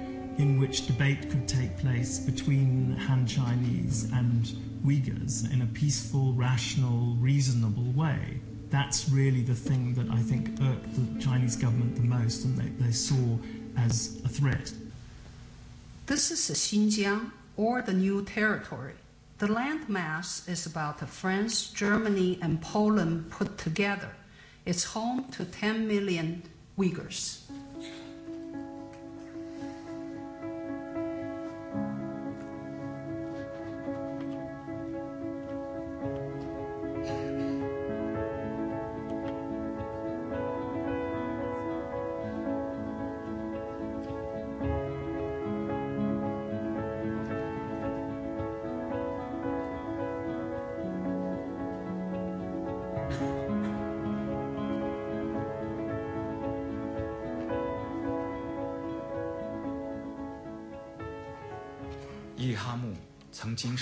in which debate could take place between Han Chinese and Uyghurs in a peaceful, rational, reasonable way. That's really the thing that I think irked the Chinese government the most and they, they saw as a threat. This is Xinjiang or the new territory. The landmass is about the France, Germany, and Poland put together. It's home to 10 million Uyghurs.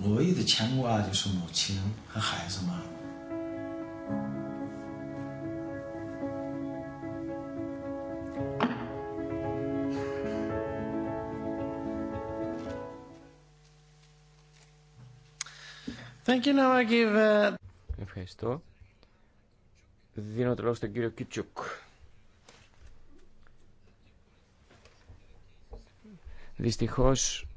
我唯一的牵挂就是母亲和孩子们。Thank you, now I give, uh... Ευχαριστώ. Δίνω το λόγο στον κύριο Κιτσουκ. Δυστυχώς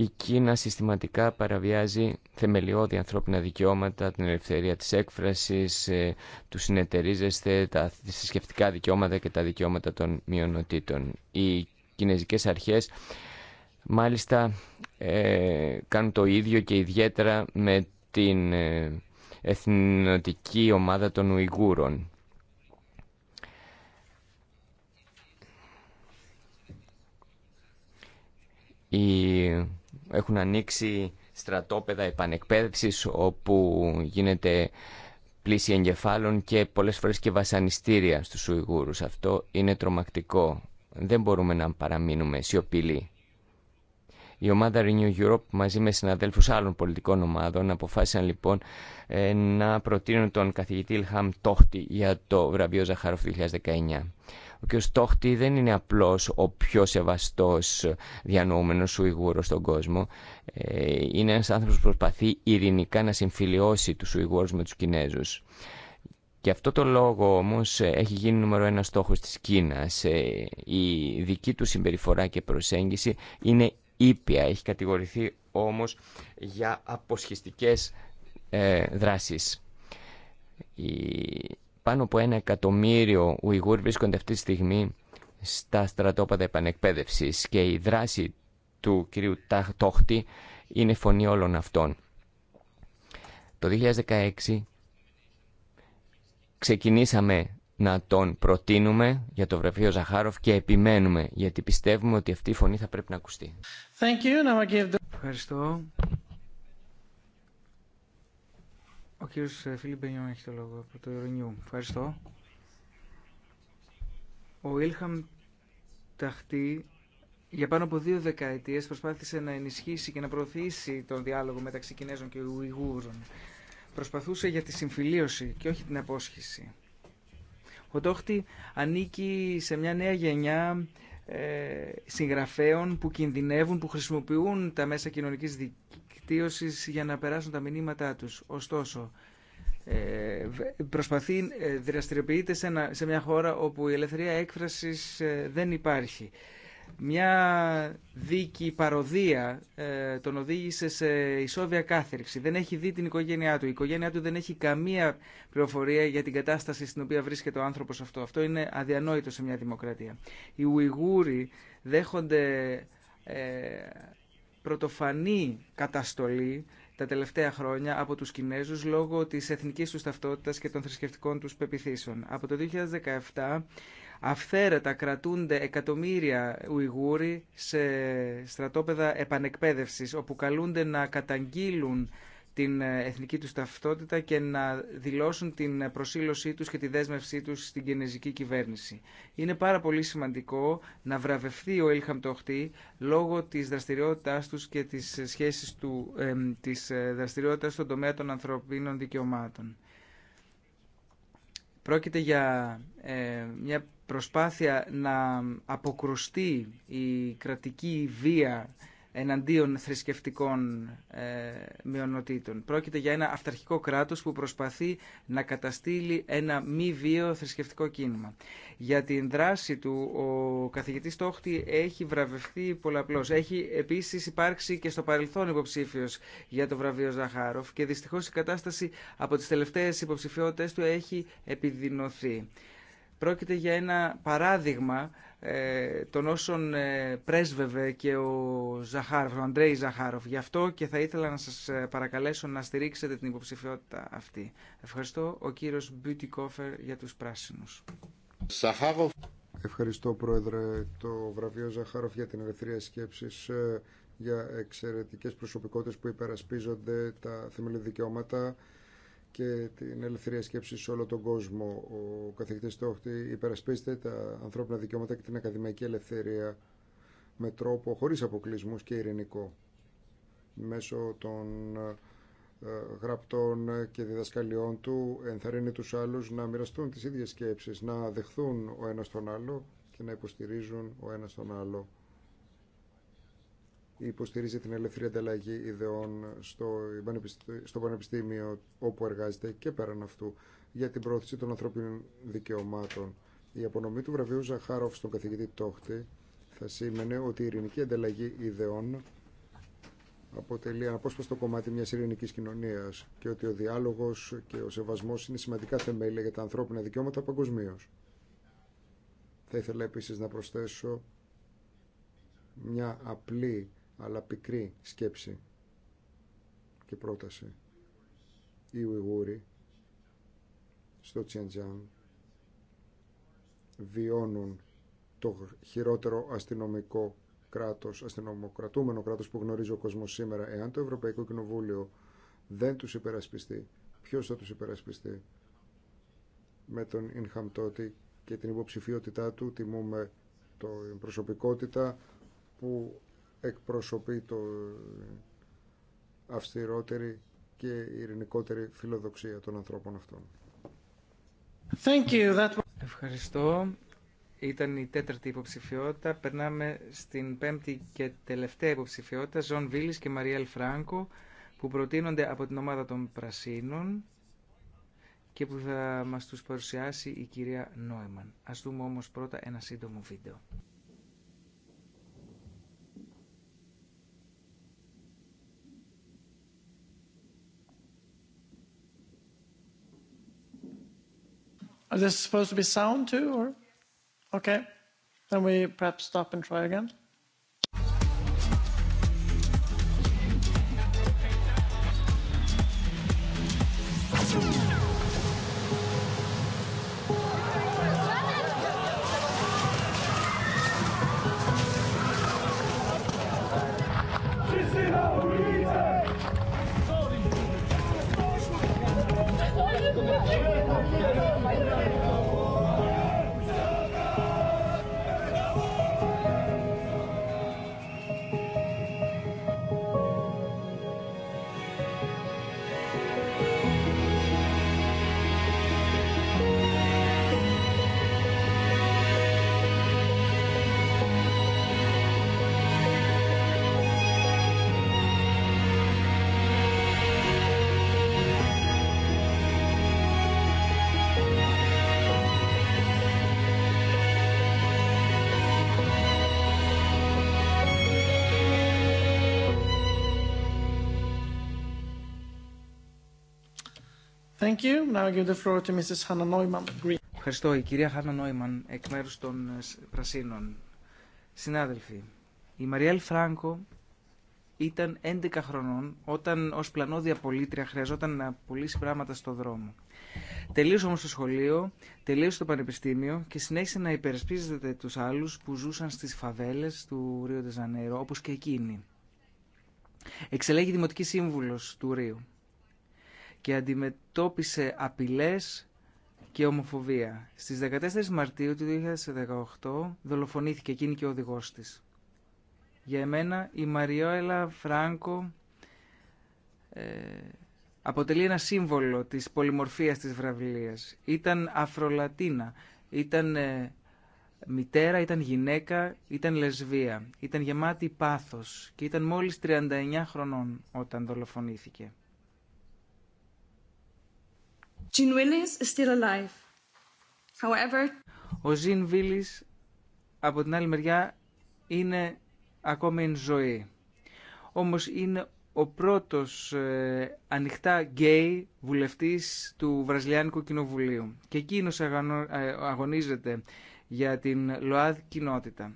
η Κίνα συστηματικά παραβιάζει θεμελιώδη ανθρώπινα δικαιώματα, την ελευθερία της έκφρασης, ε, του συνεταιρίζεστε, τα θρησκευτικά δικαιώματα και τα δικαιώματα των μειονοτήτων. Οι κινέζικες αρχές μάλιστα ε, κάνουν το ίδιο και ιδιαίτερα με την ε, εθνοτική ομάδα των Ουιγούρων. Η έχουν ανοίξει στρατόπεδα επανεκπαίδευσης όπου γίνεται πλήση εγκεφάλων και πολλές φορές και βασανιστήρια στους Ουιγούρους. Αυτό είναι τρομακτικό. Δεν μπορούμε να παραμείνουμε σιωπηλοί. Η ομάδα Renew Europe μαζί με συναδέλφους άλλων πολιτικών ομάδων αποφάσισαν λοιπόν ε, να προτείνουν τον καθηγητή Ιλχάμ Τόχτη για το βραβείο Ζαχάροφ 2019. Ο κ. Στόχτη δεν είναι απλώς ο πιο σεβαστός διανοούμενος Σουηγούρος στον κόσμο. Ε, είναι ένας άνθρωπος που προσπαθεί ειρηνικά να συμφιλιώσει τους Σουηγούρους με τους Κινέζους. Και αυτό το λόγο όμως έχει γίνει νούμερο ένα στόχος της Κίνας. Ε, η δική του συμπεριφορά και προσέγγιση είναι ήπια. Έχει κατηγορηθεί όμως για αποσχιστικές ε, δράσεις πάνω από ένα εκατομμύριο Ουιγούρ βρίσκονται αυτή τη στιγμή στα στρατόπεδα επανεκπαίδευση και η δράση του κυρίου Τόχτη είναι φωνή όλων αυτών. Το 2016 ξεκινήσαμε να τον προτείνουμε για το βραβείο Ζαχάροφ και επιμένουμε γιατί πιστεύουμε ότι αυτή η φωνή θα πρέπει να ακουστεί. Ο κύριος ε, Φίλιπ Μπενιόν έχει το λόγο από το Ευχαριστώ. Ο Ήλχαμ Ταχτή για πάνω από δύο δεκαετίες προσπάθησε να ενισχύσει και να προωθήσει τον διάλογο μεταξύ Κινέζων και Ουιγούρων. Προσπαθούσε για τη συμφιλίωση και όχι την απόσχηση. Ο Τόχτη ανήκει σε μια νέα γενιά ε, συγγραφέων που κινδυνεύουν, που χρησιμοποιούν τα μέσα κοινωνικής για να περάσουν τα μηνύματά τους. Ωστόσο, ε, προσπαθεί, ε, δραστηριοποιείται σε μια χώρα όπου η ελευθερία έκφρασης ε, δεν υπάρχει. Μια δίκη παροδία τον οδήγησε σε ισόβια κάθριξη. Δεν έχει δει την οικογένειά του. Η οικογένειά του δεν έχει καμία πληροφορία για την κατάσταση στην οποία βρίσκεται ο άνθρωπος αυτό. Αυτό είναι αδιανόητο σε μια δημοκρατία. Οι Ουιγούροι δέχονται πρωτοφανή καταστολή τα τελευταία χρόνια από τους Κινέζους λόγω της εθνικής τους ταυτότητας και των θρησκευτικών τους πεπιθήσεων. Από το 2017 αυθαίρετα κρατούνται εκατομμύρια Ουιγούροι σε στρατόπεδα επανεκπαίδευσης όπου καλούνται να καταγγείλουν την ε, εθνική τους ταυτότητα και να δηλώσουν την ε, προσήλωσή τους και τη δέσμευσή τους στην κινέζικη κυβέρνηση. Είναι πάρα πολύ σημαντικό να βραβευτεί ο Ιλχαμ Τοχτή λόγω της δραστηριότητάς τους και της σχέσης του, της ε, δραστηριότητας στον τομέα των ανθρωπίνων δικαιωμάτων. Πρόκειται για μια προσπάθεια να αποκρουστεί η κρατική βία εναντίον θρησκευτικών ε, μειονοτήτων. Πρόκειται για ένα αυταρχικό κράτος που προσπαθεί να καταστήλει ένα μη βίαιο θρησκευτικό κίνημα. Για την δράση του ο καθηγητής Τόχτη έχει βραβευτεί πολλαπλώς. Έχει επίσης υπάρξει και στο παρελθόν υποψήφιος για το βραβείο Ζαχάροφ και δυστυχώς η κατάσταση από τις τελευταίες υποψηφιότητες του έχει επιδεινωθεί. Πρόκειται για ένα παράδειγμα ε, των όσων ε, πρέσβευε και ο Ζαχάροφ, ο Αντρέη Ζαχάροφ. Γι' αυτό και θα ήθελα να σας ε, παρακαλέσω να στηρίξετε την υποψηφιότητα αυτή. Ευχαριστώ ο κύριος Μπιούτι για τους πράσινους. Ζαχάροφ. Ευχαριστώ Πρόεδρε το βραβείο Ζαχάροφ για την ελευθερία σκέψης για εξαιρετικές προσωπικότητες που υπερασπίζονται τα θεμελιώδη δικαιώματα και την ελευθερία σκέψη σε όλο τον κόσμο. Ο καθηγητή Τόχτη υπερασπίζεται τα ανθρώπινα δικαιώματα και την ακαδημαϊκή ελευθερία με τρόπο χωρίς αποκλεισμούς και ειρηνικό μέσω των ε, γραπτών και διδασκαλιών του ενθαρρύνει τους άλλους να μοιραστούν τις ίδιες σκέψεις, να δεχθούν ο ένας τον άλλο και να υποστηρίζουν ο ένας τον άλλο υποστηρίζει την ελευθερία ανταλλαγή ιδεών στο, στο Πανεπιστήμιο όπου εργάζεται και πέραν αυτού για την πρόθεση των ανθρώπινων δικαιωμάτων. Η απονομή του βραβείου Ζαχάροφ στον καθηγητή Τόχτη θα σήμαινε ότι η ειρηνική ανταλλαγή ιδεών αποτελεί αναπόσπαστο κομμάτι μια ειρηνική κοινωνία και ότι ο διάλογο και ο σεβασμό είναι σημαντικά θεμέλια για τα ανθρώπινα δικαιώματα παγκοσμίω. Θα ήθελα επίση να προσθέσω μια απλή αλλά πικρή σκέψη και πρόταση. Οι Ουιγούροι στο Τσιαντζάν βιώνουν το χειρότερο αστυνομικό κράτος, αστυνομοκρατούμενο κράτος που γνωρίζει ο κόσμος σήμερα. Εάν το Ευρωπαϊκό Κοινοβούλιο δεν τους υπερασπιστεί, ποιος θα τους υπερασπιστεί με τον Ινχαμ και την υποψηφιότητά του, τιμούμε την προσωπικότητα που εκπροσωπεί το αυστηρότερη και ειρηνικότερη φιλοδοξία των ανθρώπων αυτών. Thank you. That... Ευχαριστώ. Ήταν η τέταρτη υποψηφιότητα. Περνάμε στην πέμπτη και τελευταία υποψηφιότητα, Ζων Βίλης και Μαριέλ Φράνκο, που προτείνονται από την ομάδα των Πρασίνων και που θα μας τους παρουσιάσει η κυρία Νόεμαν. Ας δούμε όμως πρώτα ένα σύντομο βίντεο. Is this supposed to be sound too, or? Okay. Then we perhaps stop and try again. Ευχαριστώ. Η κυρία Χάνα Νόημαν, εκ μέρους των ε, Πρασίνων. Συνάδελφοι, η Μαριέλ Φράγκο ήταν 11 χρονών όταν ως πλανόδια πολίτρια χρειαζόταν να πουλήσει πράγματα στο δρόμο. Τελείωσε όμως το σχολείο, τελείωσε το πανεπιστήμιο και συνέχισε να υπερασπίζεται τους άλλους που ζούσαν στις φαβέλες του Ρίο Τεζανέρο, όπως και εκείνη. Εξελέγει δημοτική σύμβουλος του Ρίου και αντιμετώπισε απειλές και ομοφοβία. Στις 14 Μαρτίου του 2018 δολοφονήθηκε εκείνη και ο οδηγός της. Για εμένα η Μαριόελα Φράνκο ε, αποτελεί ένα σύμβολο της πολυμορφίας της βραβλίας. Ήταν αφρολατίνα, ήταν ε, μητέρα, ήταν γυναίκα, ήταν λεσβία, ήταν γεμάτη πάθος και ήταν μόλις 39 χρονών όταν δολοφονήθηκε. Ο Ζιν Willis από την άλλη μεριά είναι ακόμα εν ζωή. Όμως είναι ο πρώτος ε, ανοιχτά γκέι βουλευτής του Βραζιλιάνικου Κοινοβουλίου και εκείνος ε, αγωνίζεται για την ΛΟΑΔ κοινότητα.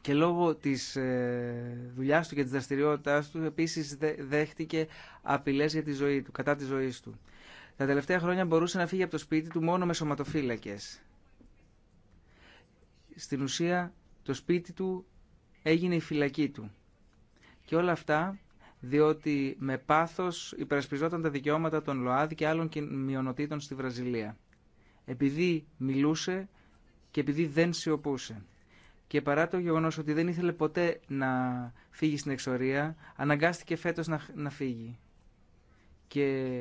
Και λόγω της ε, δουλειάς του και της δραστηριότητάς του επίσης δέχτηκε απειλές για τη ζωή του, κατά τη ζωή του. Τα τελευταία χρόνια μπορούσε να φύγει από το σπίτι του μόνο με σωματοφύλακε. Στην ουσία το σπίτι του έγινε η φυλακή του. Και όλα αυτά διότι με πάθος υπερασπιζόταν τα δικαιώματα των ΛΟΑΔ και άλλων μειονοτήτων στη Βραζιλία. Επειδή μιλούσε και επειδή δεν σιωπούσε. Και παρά το γεγονός ότι δεν ήθελε ποτέ να φύγει στην εξορία, αναγκάστηκε φέτος να, να φύγει. Και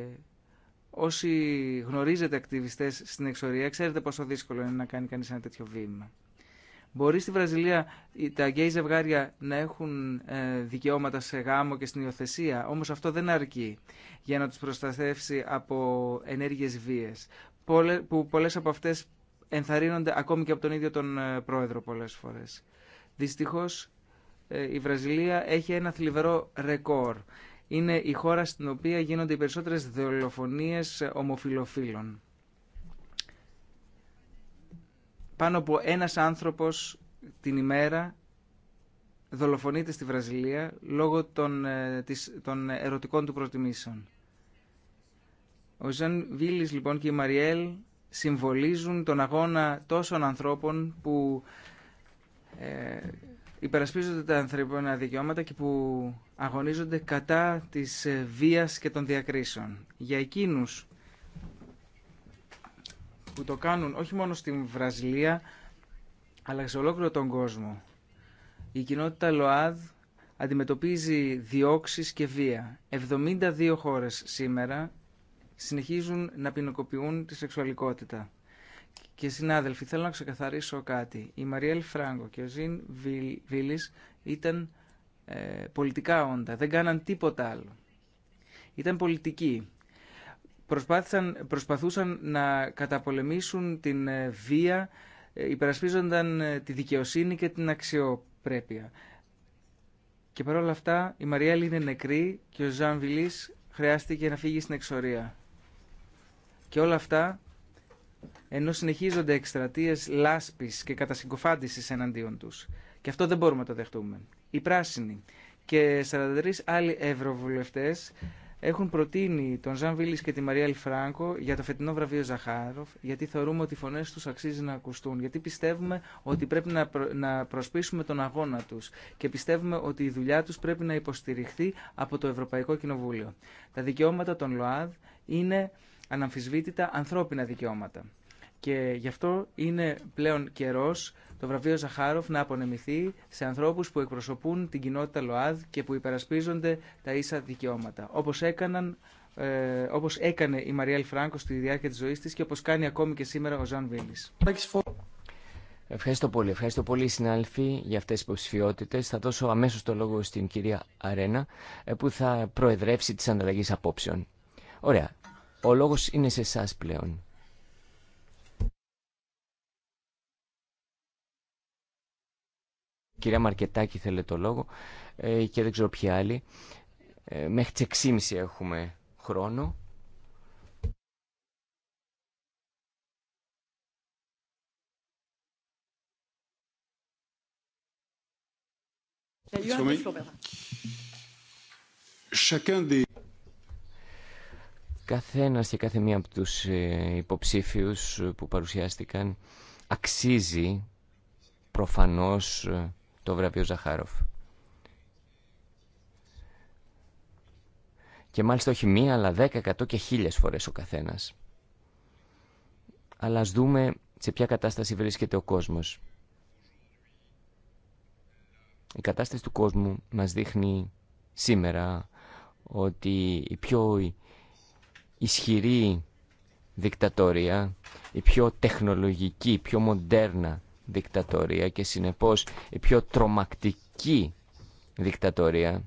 Όσοι γνωρίζετε ακτιβιστές στην εξορία, ξέρετε πόσο δύσκολο είναι να κάνει κανείς ένα τέτοιο βήμα. Μπορεί στη Βραζιλία τα γκέι ζευγάρια να έχουν ε, δικαιώματα σε γάμο και στην υιοθεσία, όμως αυτό δεν αρκεί για να τους προστατεύσει από ενέργειες βίες, που πολλές από αυτές ενθαρρύνονται ακόμη και από τον ίδιο τον ε, πρόεδρο πολλές φορές. Δυστυχώς ε, η Βραζιλία έχει ένα θλιβερό ρεκόρ είναι η χώρα στην οποία γίνονται οι περισσότερες δολοφονίες ομοφιλοφίλων. Πάνω από ένας άνθρωπος την ημέρα δολοφονείται στη Βραζιλία λόγω των, ε, της, των ερωτικών του προτιμήσεων. Ο Ζαν Βίλης λοιπόν και η Μαριέλ συμβολίζουν τον αγώνα τόσων ανθρώπων που ε, υπερασπίζονται τα ανθρώπινα δικαιώματα και που αγωνίζονται κατά της ε, βίας και των διακρίσεων. Για εκείνους που το κάνουν όχι μόνο στην Βραζιλία, αλλά σε ολόκληρο τον κόσμο. Η κοινότητα ΛΟΑΔ αντιμετωπίζει διώξεις και βία. 72 χώρες σήμερα συνεχίζουν να ποινικοποιούν τη σεξουαλικότητα και συνάδελφοι, θέλω να ξεκαθαρίσω κάτι. Η Μαριέλ Φράγκο και ο Ζιν Βίλη ήταν ε, πολιτικά όντα, δεν κάναν τίποτα άλλο. Ήταν πολιτικοί. Προσπάθησαν, προσπαθούσαν να καταπολεμήσουν την ε, βία, ε, υπερασπίζονταν τη δικαιοσύνη και την αξιοπρέπεια. Και παρόλα αυτά η Μαριέλ είναι νεκρή και ο Ζαν Βιλής χρειάστηκε να φύγει στην εξορία. Και όλα αυτά ενώ συνεχίζονται εκστρατείε λάσπη και κατασυγκοφάντηση εναντίον του. Και αυτό δεν μπορούμε να το δεχτούμε. Οι πράσινοι και 43 άλλοι ευρωβουλευτέ έχουν προτείνει τον Ζαν Βίλη και τη Μαρία Φράγκο για το φετινό βραβείο Ζαχάροφ, γιατί θεωρούμε ότι οι φωνέ του αξίζει να ακουστούν. Γιατί πιστεύουμε ότι πρέπει να, να προσπίσουμε τον αγώνα του και πιστεύουμε ότι η δουλειά του πρέπει να υποστηριχθεί από το Ευρωπαϊκό Κοινοβούλιο. Τα δικαιώματα των ΛΟΑΔ είναι αναμφισβήτητα ανθρώπινα δικαιώματα. Και γι' αυτό είναι πλέον καιρό το βραβείο Ζαχάροφ να απονεμηθεί σε ανθρώπου που εκπροσωπούν την κοινότητα ΛΟΑΔ και που υπερασπίζονται τα ίσα δικαιώματα. Όπω έκαναν. Ε, όπως έκανε η Μαριέλ Φράγκο στη διάρκεια της ζωής της και όπως κάνει ακόμη και σήμερα ο Ζαν Βίλης. Ευχαριστώ πολύ. Ευχαριστώ πολύ συνάλφοι για αυτές τις υποψηφιότητες. Θα δώσω αμέσως το λόγο στην κυρία Αρένα ε, που θα προεδρεύσει τις ανταλλαγές απόψεων. Ωραία. Ο λόγος είναι σε εσά πλέον. Κυρία Μαρκετάκη θέλει το λόγο ε, και δεν ξέρω ποιοι άλλοι. Ε, μέχρι τις 6.30 έχουμε χρόνο καθένας και κάθε μία από τους ε, υποψήφιους που παρουσιάστηκαν αξίζει προφανώς ε, το βραβείο Ζαχάροφ. Και μάλιστα όχι μία, αλλά δέκα, εκατό και χίλιες φορές ο καθένας. Αλλά ας δούμε σε ποια κατάσταση βρίσκεται ο κόσμος. Η κατάσταση του κόσμου μας δείχνει σήμερα ότι η πιο ισχυρή δικτατορία, η πιο τεχνολογική, η πιο μοντέρνα δικτατορία και συνεπώς η πιο τρομακτική δικτατορία.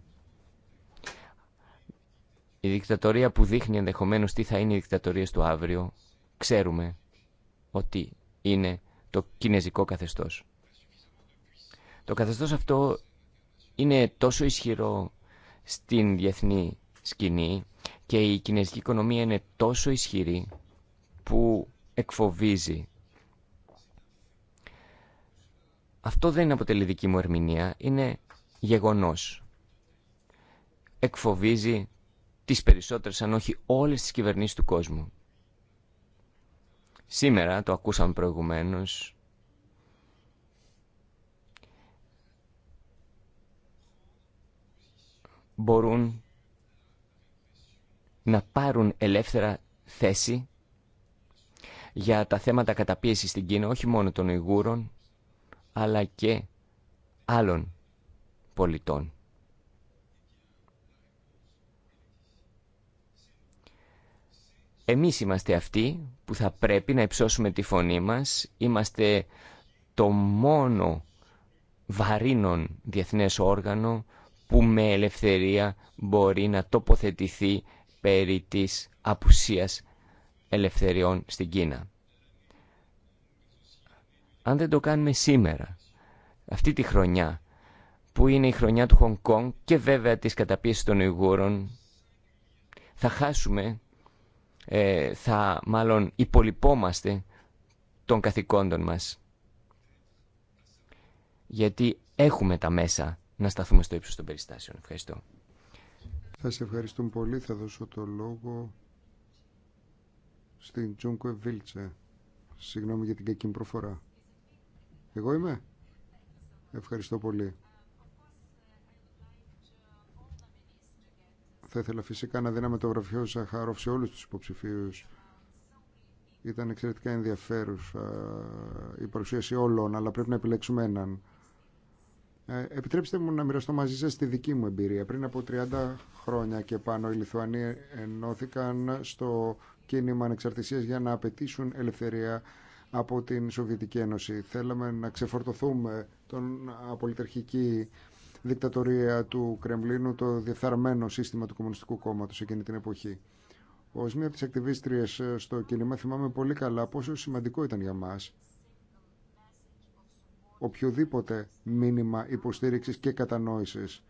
Η δικτατορία που δείχνει ενδεχομένως τι θα είναι η δικτατορία του αύριο, ξέρουμε ότι είναι το κινέζικο καθεστώς. Το καθεστώς αυτό είναι τόσο ισχυρό στην διεθνή σκηνή και η κινέζικη οικονομία είναι τόσο ισχυρή που εκφοβίζει. Αυτό δεν αποτελεί δική μου ερμηνεία, είναι γεγονός. Εκφοβίζει τις περισσότερες, αν όχι όλες τις κυβερνήσεις του κόσμου. Σήμερα, το ακούσαμε προηγουμένως, μπορούν να πάρουν ελεύθερα θέση για τα θέματα καταπίεσης στην Κίνα, όχι μόνο των Ιγούρων, αλλά και άλλων πολιτών. Εμείς είμαστε αυτοί που θα πρέπει να υψώσουμε τη φωνή μας. Είμαστε το μόνο βαρύνον διεθνές όργανο που με ελευθερία μπορεί να τοποθετηθεί περί της απουσίας ελευθεριών στην Κίνα. Αν δεν το κάνουμε σήμερα, αυτή τη χρονιά, που είναι η χρονιά του Χονγκ Κονγκ και βέβαια της καταπίεσης των Ιγούρων, θα χάσουμε, ε, θα μάλλον υπολοιπόμαστε των καθηκόντων μας. Γιατί έχουμε τα μέσα να σταθούμε στο ύψος των περιστάσεων. Ευχαριστώ. Θα σε ευχαριστούμε πολύ. Θα δώσω το λόγο στην Τζούγκο Βίλτσε. Συγγνώμη για την κακή προφορά. Εγώ είμαι. Ευχαριστώ πολύ. Θα ήθελα φυσικά να δίναμε το γραφείο Ζαχάροφ σε όλους τους υποψηφίους. Ήταν εξαιρετικά ενδιαφέρουσα η παρουσίαση όλων, αλλά πρέπει να επιλέξουμε έναν. Ε, επιτρέψτε μου να μοιραστώ μαζί σας τη δική μου εμπειρία. Πριν από 30 χρόνια και πάνω οι Λιθουανοί ενώθηκαν στο κίνημα ανεξαρτησίας για να απαιτήσουν ελευθερία από την Σοβιετική Ένωση. Θέλαμε να ξεφορτωθούμε τον απολυτερχική δικτατορία του Κρεμλίνου, το διεφθαρμένο σύστημα του Κομμουνιστικού Κόμματος εκείνη την εποχή. Ω μία από τι ακτιβίστριε στο κίνημα, θυμάμαι πολύ καλά πόσο σημαντικό ήταν για μα οποιοδήποτε μήνυμα υποστήριξης και κατανόησης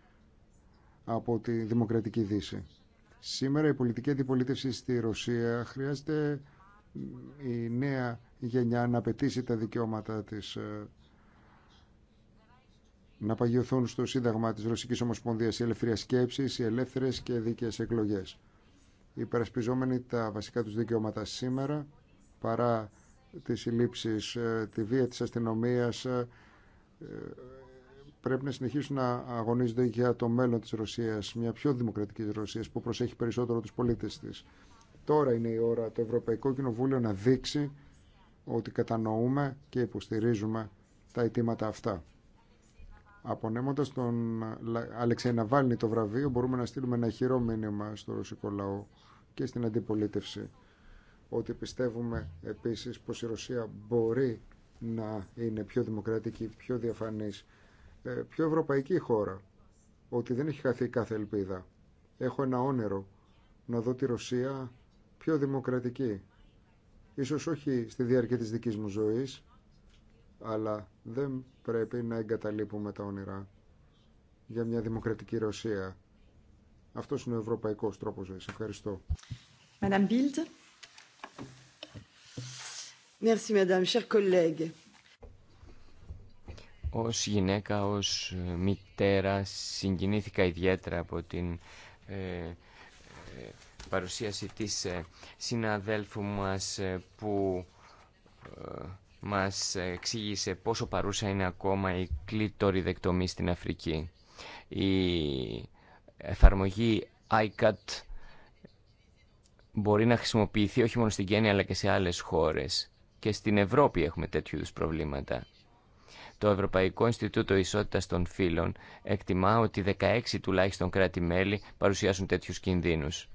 από τη Δημοκρατική Δύση. Σήμερα η πολιτική αντιπολίτευση στη Ρωσία χρειάζεται η νέα γενιά να απαιτήσει τα δικαιώματα της ε, να παγιωθούν στο Σύνταγμα της Ρωσικής Ομοσπονδίας οι ελευθερία σκέψης, οι ελεύθερες και δίκαιες εκλογές. Υπερασπιζόμενοι τα βασικά τους δικαιώματα σήμερα παρά της συλλήψεις, ε, τη βία της αστυνομίας ε, πρέπει να συνεχίσουν να αγωνίζονται για το μέλλον της Ρωσίας, μια πιο δημοκρατική Ρωσία που προσέχει περισσότερο τους πολίτες της. Τώρα είναι η ώρα το Ευρωπαϊκό Κοινοβούλιο να δείξει ότι κατανοούμε και υποστηρίζουμε τα αιτήματα αυτά. Απονέμοντας τον Αλεξέη Ναβάλνη το βραβείο μπορούμε να στείλουμε ένα χειρό μήνυμα στο ρωσικό λαό και στην αντιπολίτευση ότι πιστεύουμε επίσης πως η Ρωσία μπορεί να είναι πιο δημοκρατική, πιο διαφανής, ε, πιο ευρωπαϊκή χώρα, ότι δεν έχει χαθεί κάθε ελπίδα. Έχω ένα όνειρο να δω τη Ρωσία πιο δημοκρατική. Ίσως όχι στη διάρκεια της δικής μου ζωής, αλλά δεν πρέπει να εγκαταλείπουμε τα όνειρα για μια δημοκρατική Ρωσία. Αυτός είναι ο ευρωπαϊκός τρόπος ζωής. Ευχαριστώ. Merci, madame. Chers collègues. Ως γυναίκα, ως ε, μητέρα, συγκινήθηκα ιδιαίτερα από την ε, ε, παρουσίαση της ε, συναδέλφου μας ε, που μας εξήγησε πόσο παρούσα είναι ακόμα η δεκτομή στην Αφρική. Η εφαρμογή ICAT μπορεί να χρησιμοποιηθεί όχι μόνο στην Κένια αλλά και σε άλλες χώρες και στην Ευρώπη έχουμε τέτοιου είδους προβλήματα. Το Ευρωπαϊκό Ινστιτούτο Ισότητας των Φύλων εκτιμά ότι 16 τουλάχιστον κράτη-μέλη παρουσιάσουν τέτοιου κινδύνους.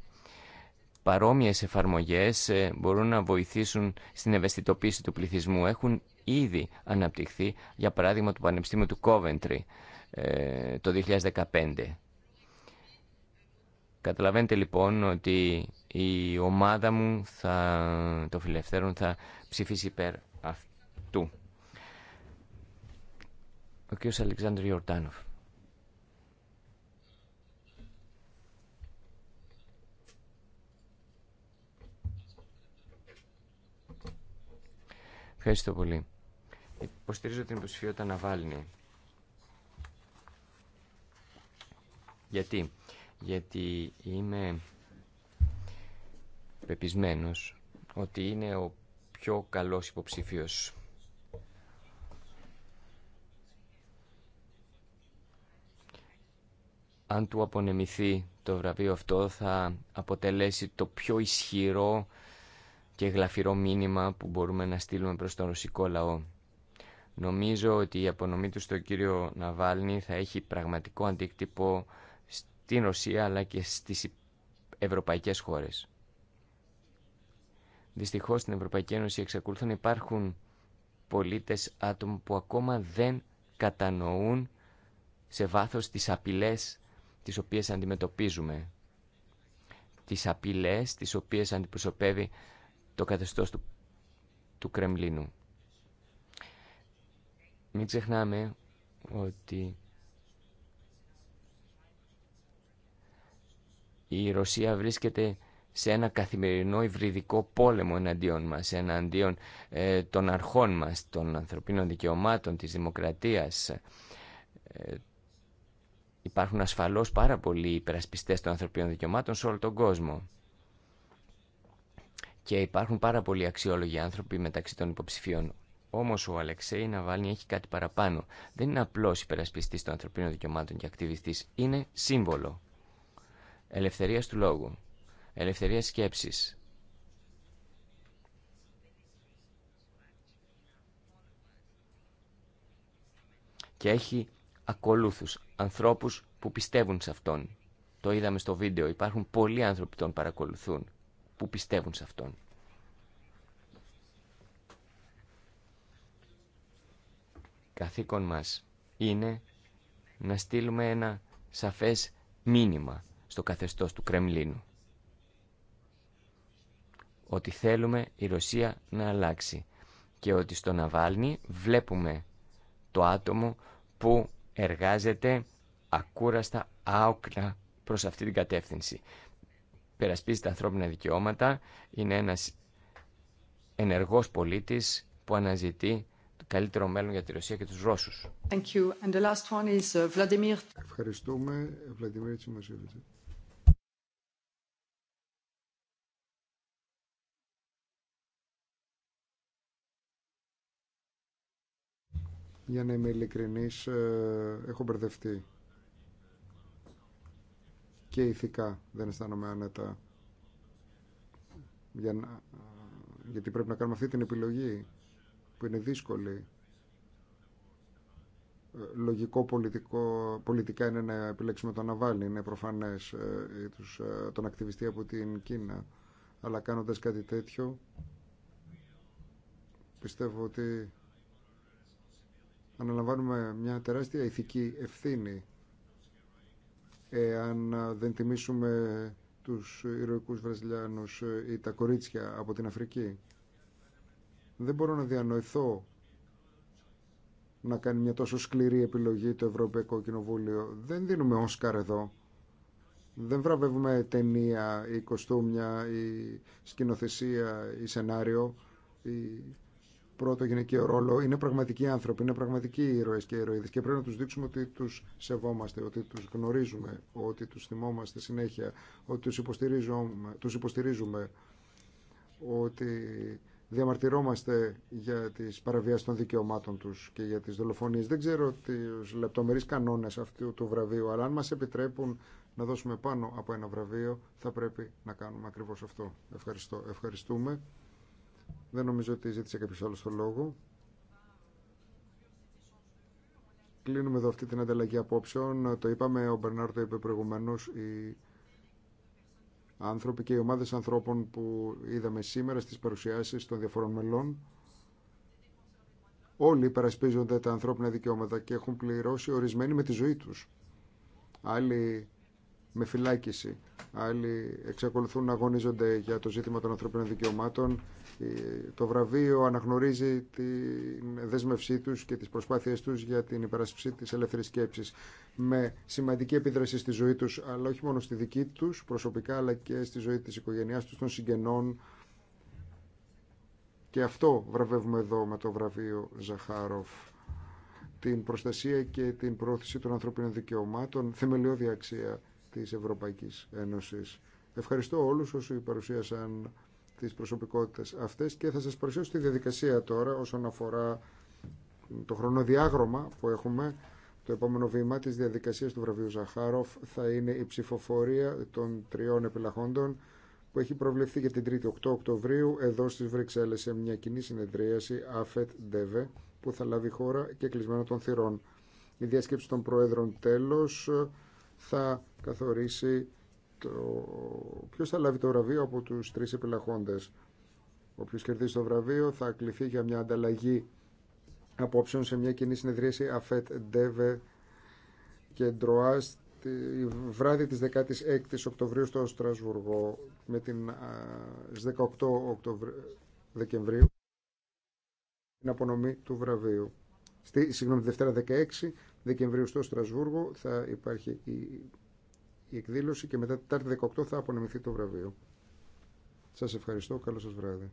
Παρόμοιε εφαρμογές ε, μπορούν να βοηθήσουν στην ευαισθητοποίηση του πληθυσμού. Έχουν ήδη αναπτυχθεί, για παράδειγμα, το Πανεπιστήμιο του Κόβεντρι ε, το 2015. Καταλαβαίνετε λοιπόν ότι η ομάδα μου θα, το φιλελευθέρων θα ψηφίσει υπέρ αυτού. Ο κ. Αλεξάνδρου Ιορτάνοφ. Ευχαριστώ πολύ. Υποστηρίζω την να βάλει. Γιατί? Γιατί είμαι πεπισμένος ότι είναι ο πιο καλός υποψηφίος. Αν του απονεμηθεί το βραβείο αυτό θα αποτελέσει το πιο ισχυρό και γλαφυρό μήνυμα που μπορούμε να στείλουμε προς τον ρωσικό λαό. Νομίζω ότι η απονομή του στον κύριο Ναβάλνη θα έχει πραγματικό αντίκτυπο στην Ρωσία αλλά και στις ευρωπαϊκές χώρες. Δυστυχώ στην Ευρωπαϊκή Ένωση εξακολουθούν να υπάρχουν πολίτες άτομα που ακόμα δεν κατανοούν σε βάθος τις απειλέ τις οποίες αντιμετωπίζουμε. Τις απειλέ τις οποίες αντιπροσωπεύει το καθεστώ του, του Κρεμλίνου. Μην ξεχνάμε ότι η Ρωσία βρίσκεται σε ένα καθημερινό υβριδικό πόλεμο εναντίον μας, εναντίον ε, των αρχών μας, των ανθρωπίνων δικαιωμάτων, της δημοκρατίας. Ε, υπάρχουν ασφαλώς πάρα πολλοί υπερασπιστές των ανθρωπίνων δικαιωμάτων σε όλο τον κόσμο. Και υπάρχουν πάρα πολλοί αξιόλογοι άνθρωποι μεταξύ των υποψηφίων. Όμω ο Αλεξέη Ναβάλνη έχει κάτι παραπάνω. Δεν είναι απλό υπερασπιστή των ανθρωπίνων δικαιωμάτων και ακτιβιστή. Είναι σύμβολο ελευθερία του λόγου ελευθερία σκέψης. Και έχει ακολούθους, ανθρώπους που πιστεύουν σε αυτόν. Το είδαμε στο βίντεο, υπάρχουν πολλοί άνθρωποι που τον παρακολουθούν, που πιστεύουν σε αυτόν. Καθήκον μας είναι να στείλουμε ένα σαφές μήνυμα στο καθεστώς του Κρεμλίνου ότι θέλουμε η Ρωσία να αλλάξει και ότι στο Ναβάλνη βλέπουμε το άτομο που εργάζεται ακούραστα, άοκνα προς αυτή την κατεύθυνση. Περασπίζει τα ανθρώπινα δικαιώματα, είναι ένας ενεργός πολίτης που αναζητεί το καλύτερο μέλλον για τη Ρωσία και τους Ρώσους. Thank you. And the last one is uh, Vladimir. Ευχαριστούμε, Για να είμαι ειλικρινής, ε, έχω μπερδευτεί. Και ηθικά δεν αισθάνομαι άνετα. Για να... Γιατί πρέπει να κάνουμε αυτή την επιλογή που είναι δύσκολη. Ε, λογικό πολιτικό, πολιτικά είναι να επιλέξουμε τον Ναβάλι, είναι προφανές ε, τους, τον ακτιβιστή από την Κίνα. Αλλά κάνοντας κάτι τέτοιο, πιστεύω ότι αναλαμβάνουμε μια τεράστια ηθική ευθύνη εάν ε, δεν τιμήσουμε τους ηρωικούς Βραζιλιάνους ή τα κορίτσια από την Αφρική. Δεν μπορώ να διανοηθώ να κάνει μια τόσο σκληρή επιλογή το Ευρωπαϊκό Κοινοβούλιο. Δεν δίνουμε Όσκαρ εδώ. Δεν βραβεύουμε ταινία ή κοστούμια ή σκηνοθεσία ή σενάριο πρώτο γυναικείο ρόλο είναι πραγματικοί άνθρωποι, είναι πραγματικοί ήρωες και ηρωίδες και πρέπει να τους δείξουμε ότι τους σεβόμαστε, ότι τους γνωρίζουμε, ότι τους θυμόμαστε συνέχεια, ότι τους υποστηρίζουμε, τους υποστηρίζουμε ότι διαμαρτυρόμαστε για τις παραβιάσεις των δικαιωμάτων τους και για τις δολοφονίες. Δεν ξέρω τους λεπτομερείς κανόνες αυτού του βραβείου, αλλά αν μας επιτρέπουν να δώσουμε πάνω από ένα βραβείο, θα πρέπει να κάνουμε ακριβώς αυτό. Ευχαριστώ. Ευχαριστούμε. Δεν νομίζω ότι ζήτησε καποιο άλλο το λόγο. Κλείνουμε εδώ αυτή την ανταλλαγή απόψεων. Το είπαμε, ο Μπερνάρ το είπε προηγουμένω, οι άνθρωποι και οι ομάδε ανθρώπων που είδαμε σήμερα στι παρουσιάσει των διαφορών μελών. Όλοι υπερασπίζονται τα ανθρώπινα δικαιώματα και έχουν πληρώσει ορισμένοι με τη ζωή τους. Άλλοι με φυλάκιση. Άλλοι εξακολουθούν να αγωνίζονται για το ζήτημα των ανθρωπίνων δικαιωμάτων. Το βραβείο αναγνωρίζει τη δέσμευσή του και τι προσπάθειε του για την υπερασπίση τη ελεύθερη σκέψη με σημαντική επίδραση στη ζωή του, αλλά όχι μόνο στη δική του, προσωπικά, αλλά και στη ζωή τη οικογένεια του των συγγενών. Και αυτό βραβεύουμε εδώ με το βραβείο Ζαχάροφ την προστασία και την πρόθεση των ανθρωπίνων δικαιωμάτων, θεμελιώδη αξία της Ευρωπαϊκής Ένωσης. Ευχαριστώ όλους όσοι παρουσίασαν τις προσωπικότητες αυτές και θα σας παρουσιάσω τη διαδικασία τώρα όσον αφορά το χρονοδιάγραμμα που έχουμε. Το επόμενο βήμα της διαδικασίας του βραβείου Ζαχάροφ θα είναι η ψηφοφορία των τριών επιλαχόντων που έχει προβλεφθεί για την 3η 8 Οκτωβρίου εδώ στις Βρυξέλλες σε μια κοινή συνεδρίαση ΑΦΕΤ ΔΕΒΕ που θα λάβει χώρα και κλεισμένο των θυρών. Η διάσκεψη των Προέδρων τέλος θα καθορίσει το... ποιο θα λάβει το βραβείο από του τρει επιλαχώντε. Όποιο κερδίσει το βραβείο θα κληθεί για μια ανταλλαγή απόψεων σε μια κοινή συνεδρίαση ΑΦΕΤ ΝΤΕΒΕ και ΝΤΡΟΑ τη βράδυ της 16ης Οκτωβρίου στο Στρασβουργό με την, 18 Οκτωβρίου, Δεκεμβρίου την απονομή του βραβείου. Στη, συγγνώμη, Δευτέρα 16 Δεκεμβρίου στο Στρασβούργο θα υπάρχει η, η εκδήλωση και μετά Τετάρτη 18 θα απονεμηθεί το βραβείο. Σας ευχαριστώ. Καλό σας βράδυ.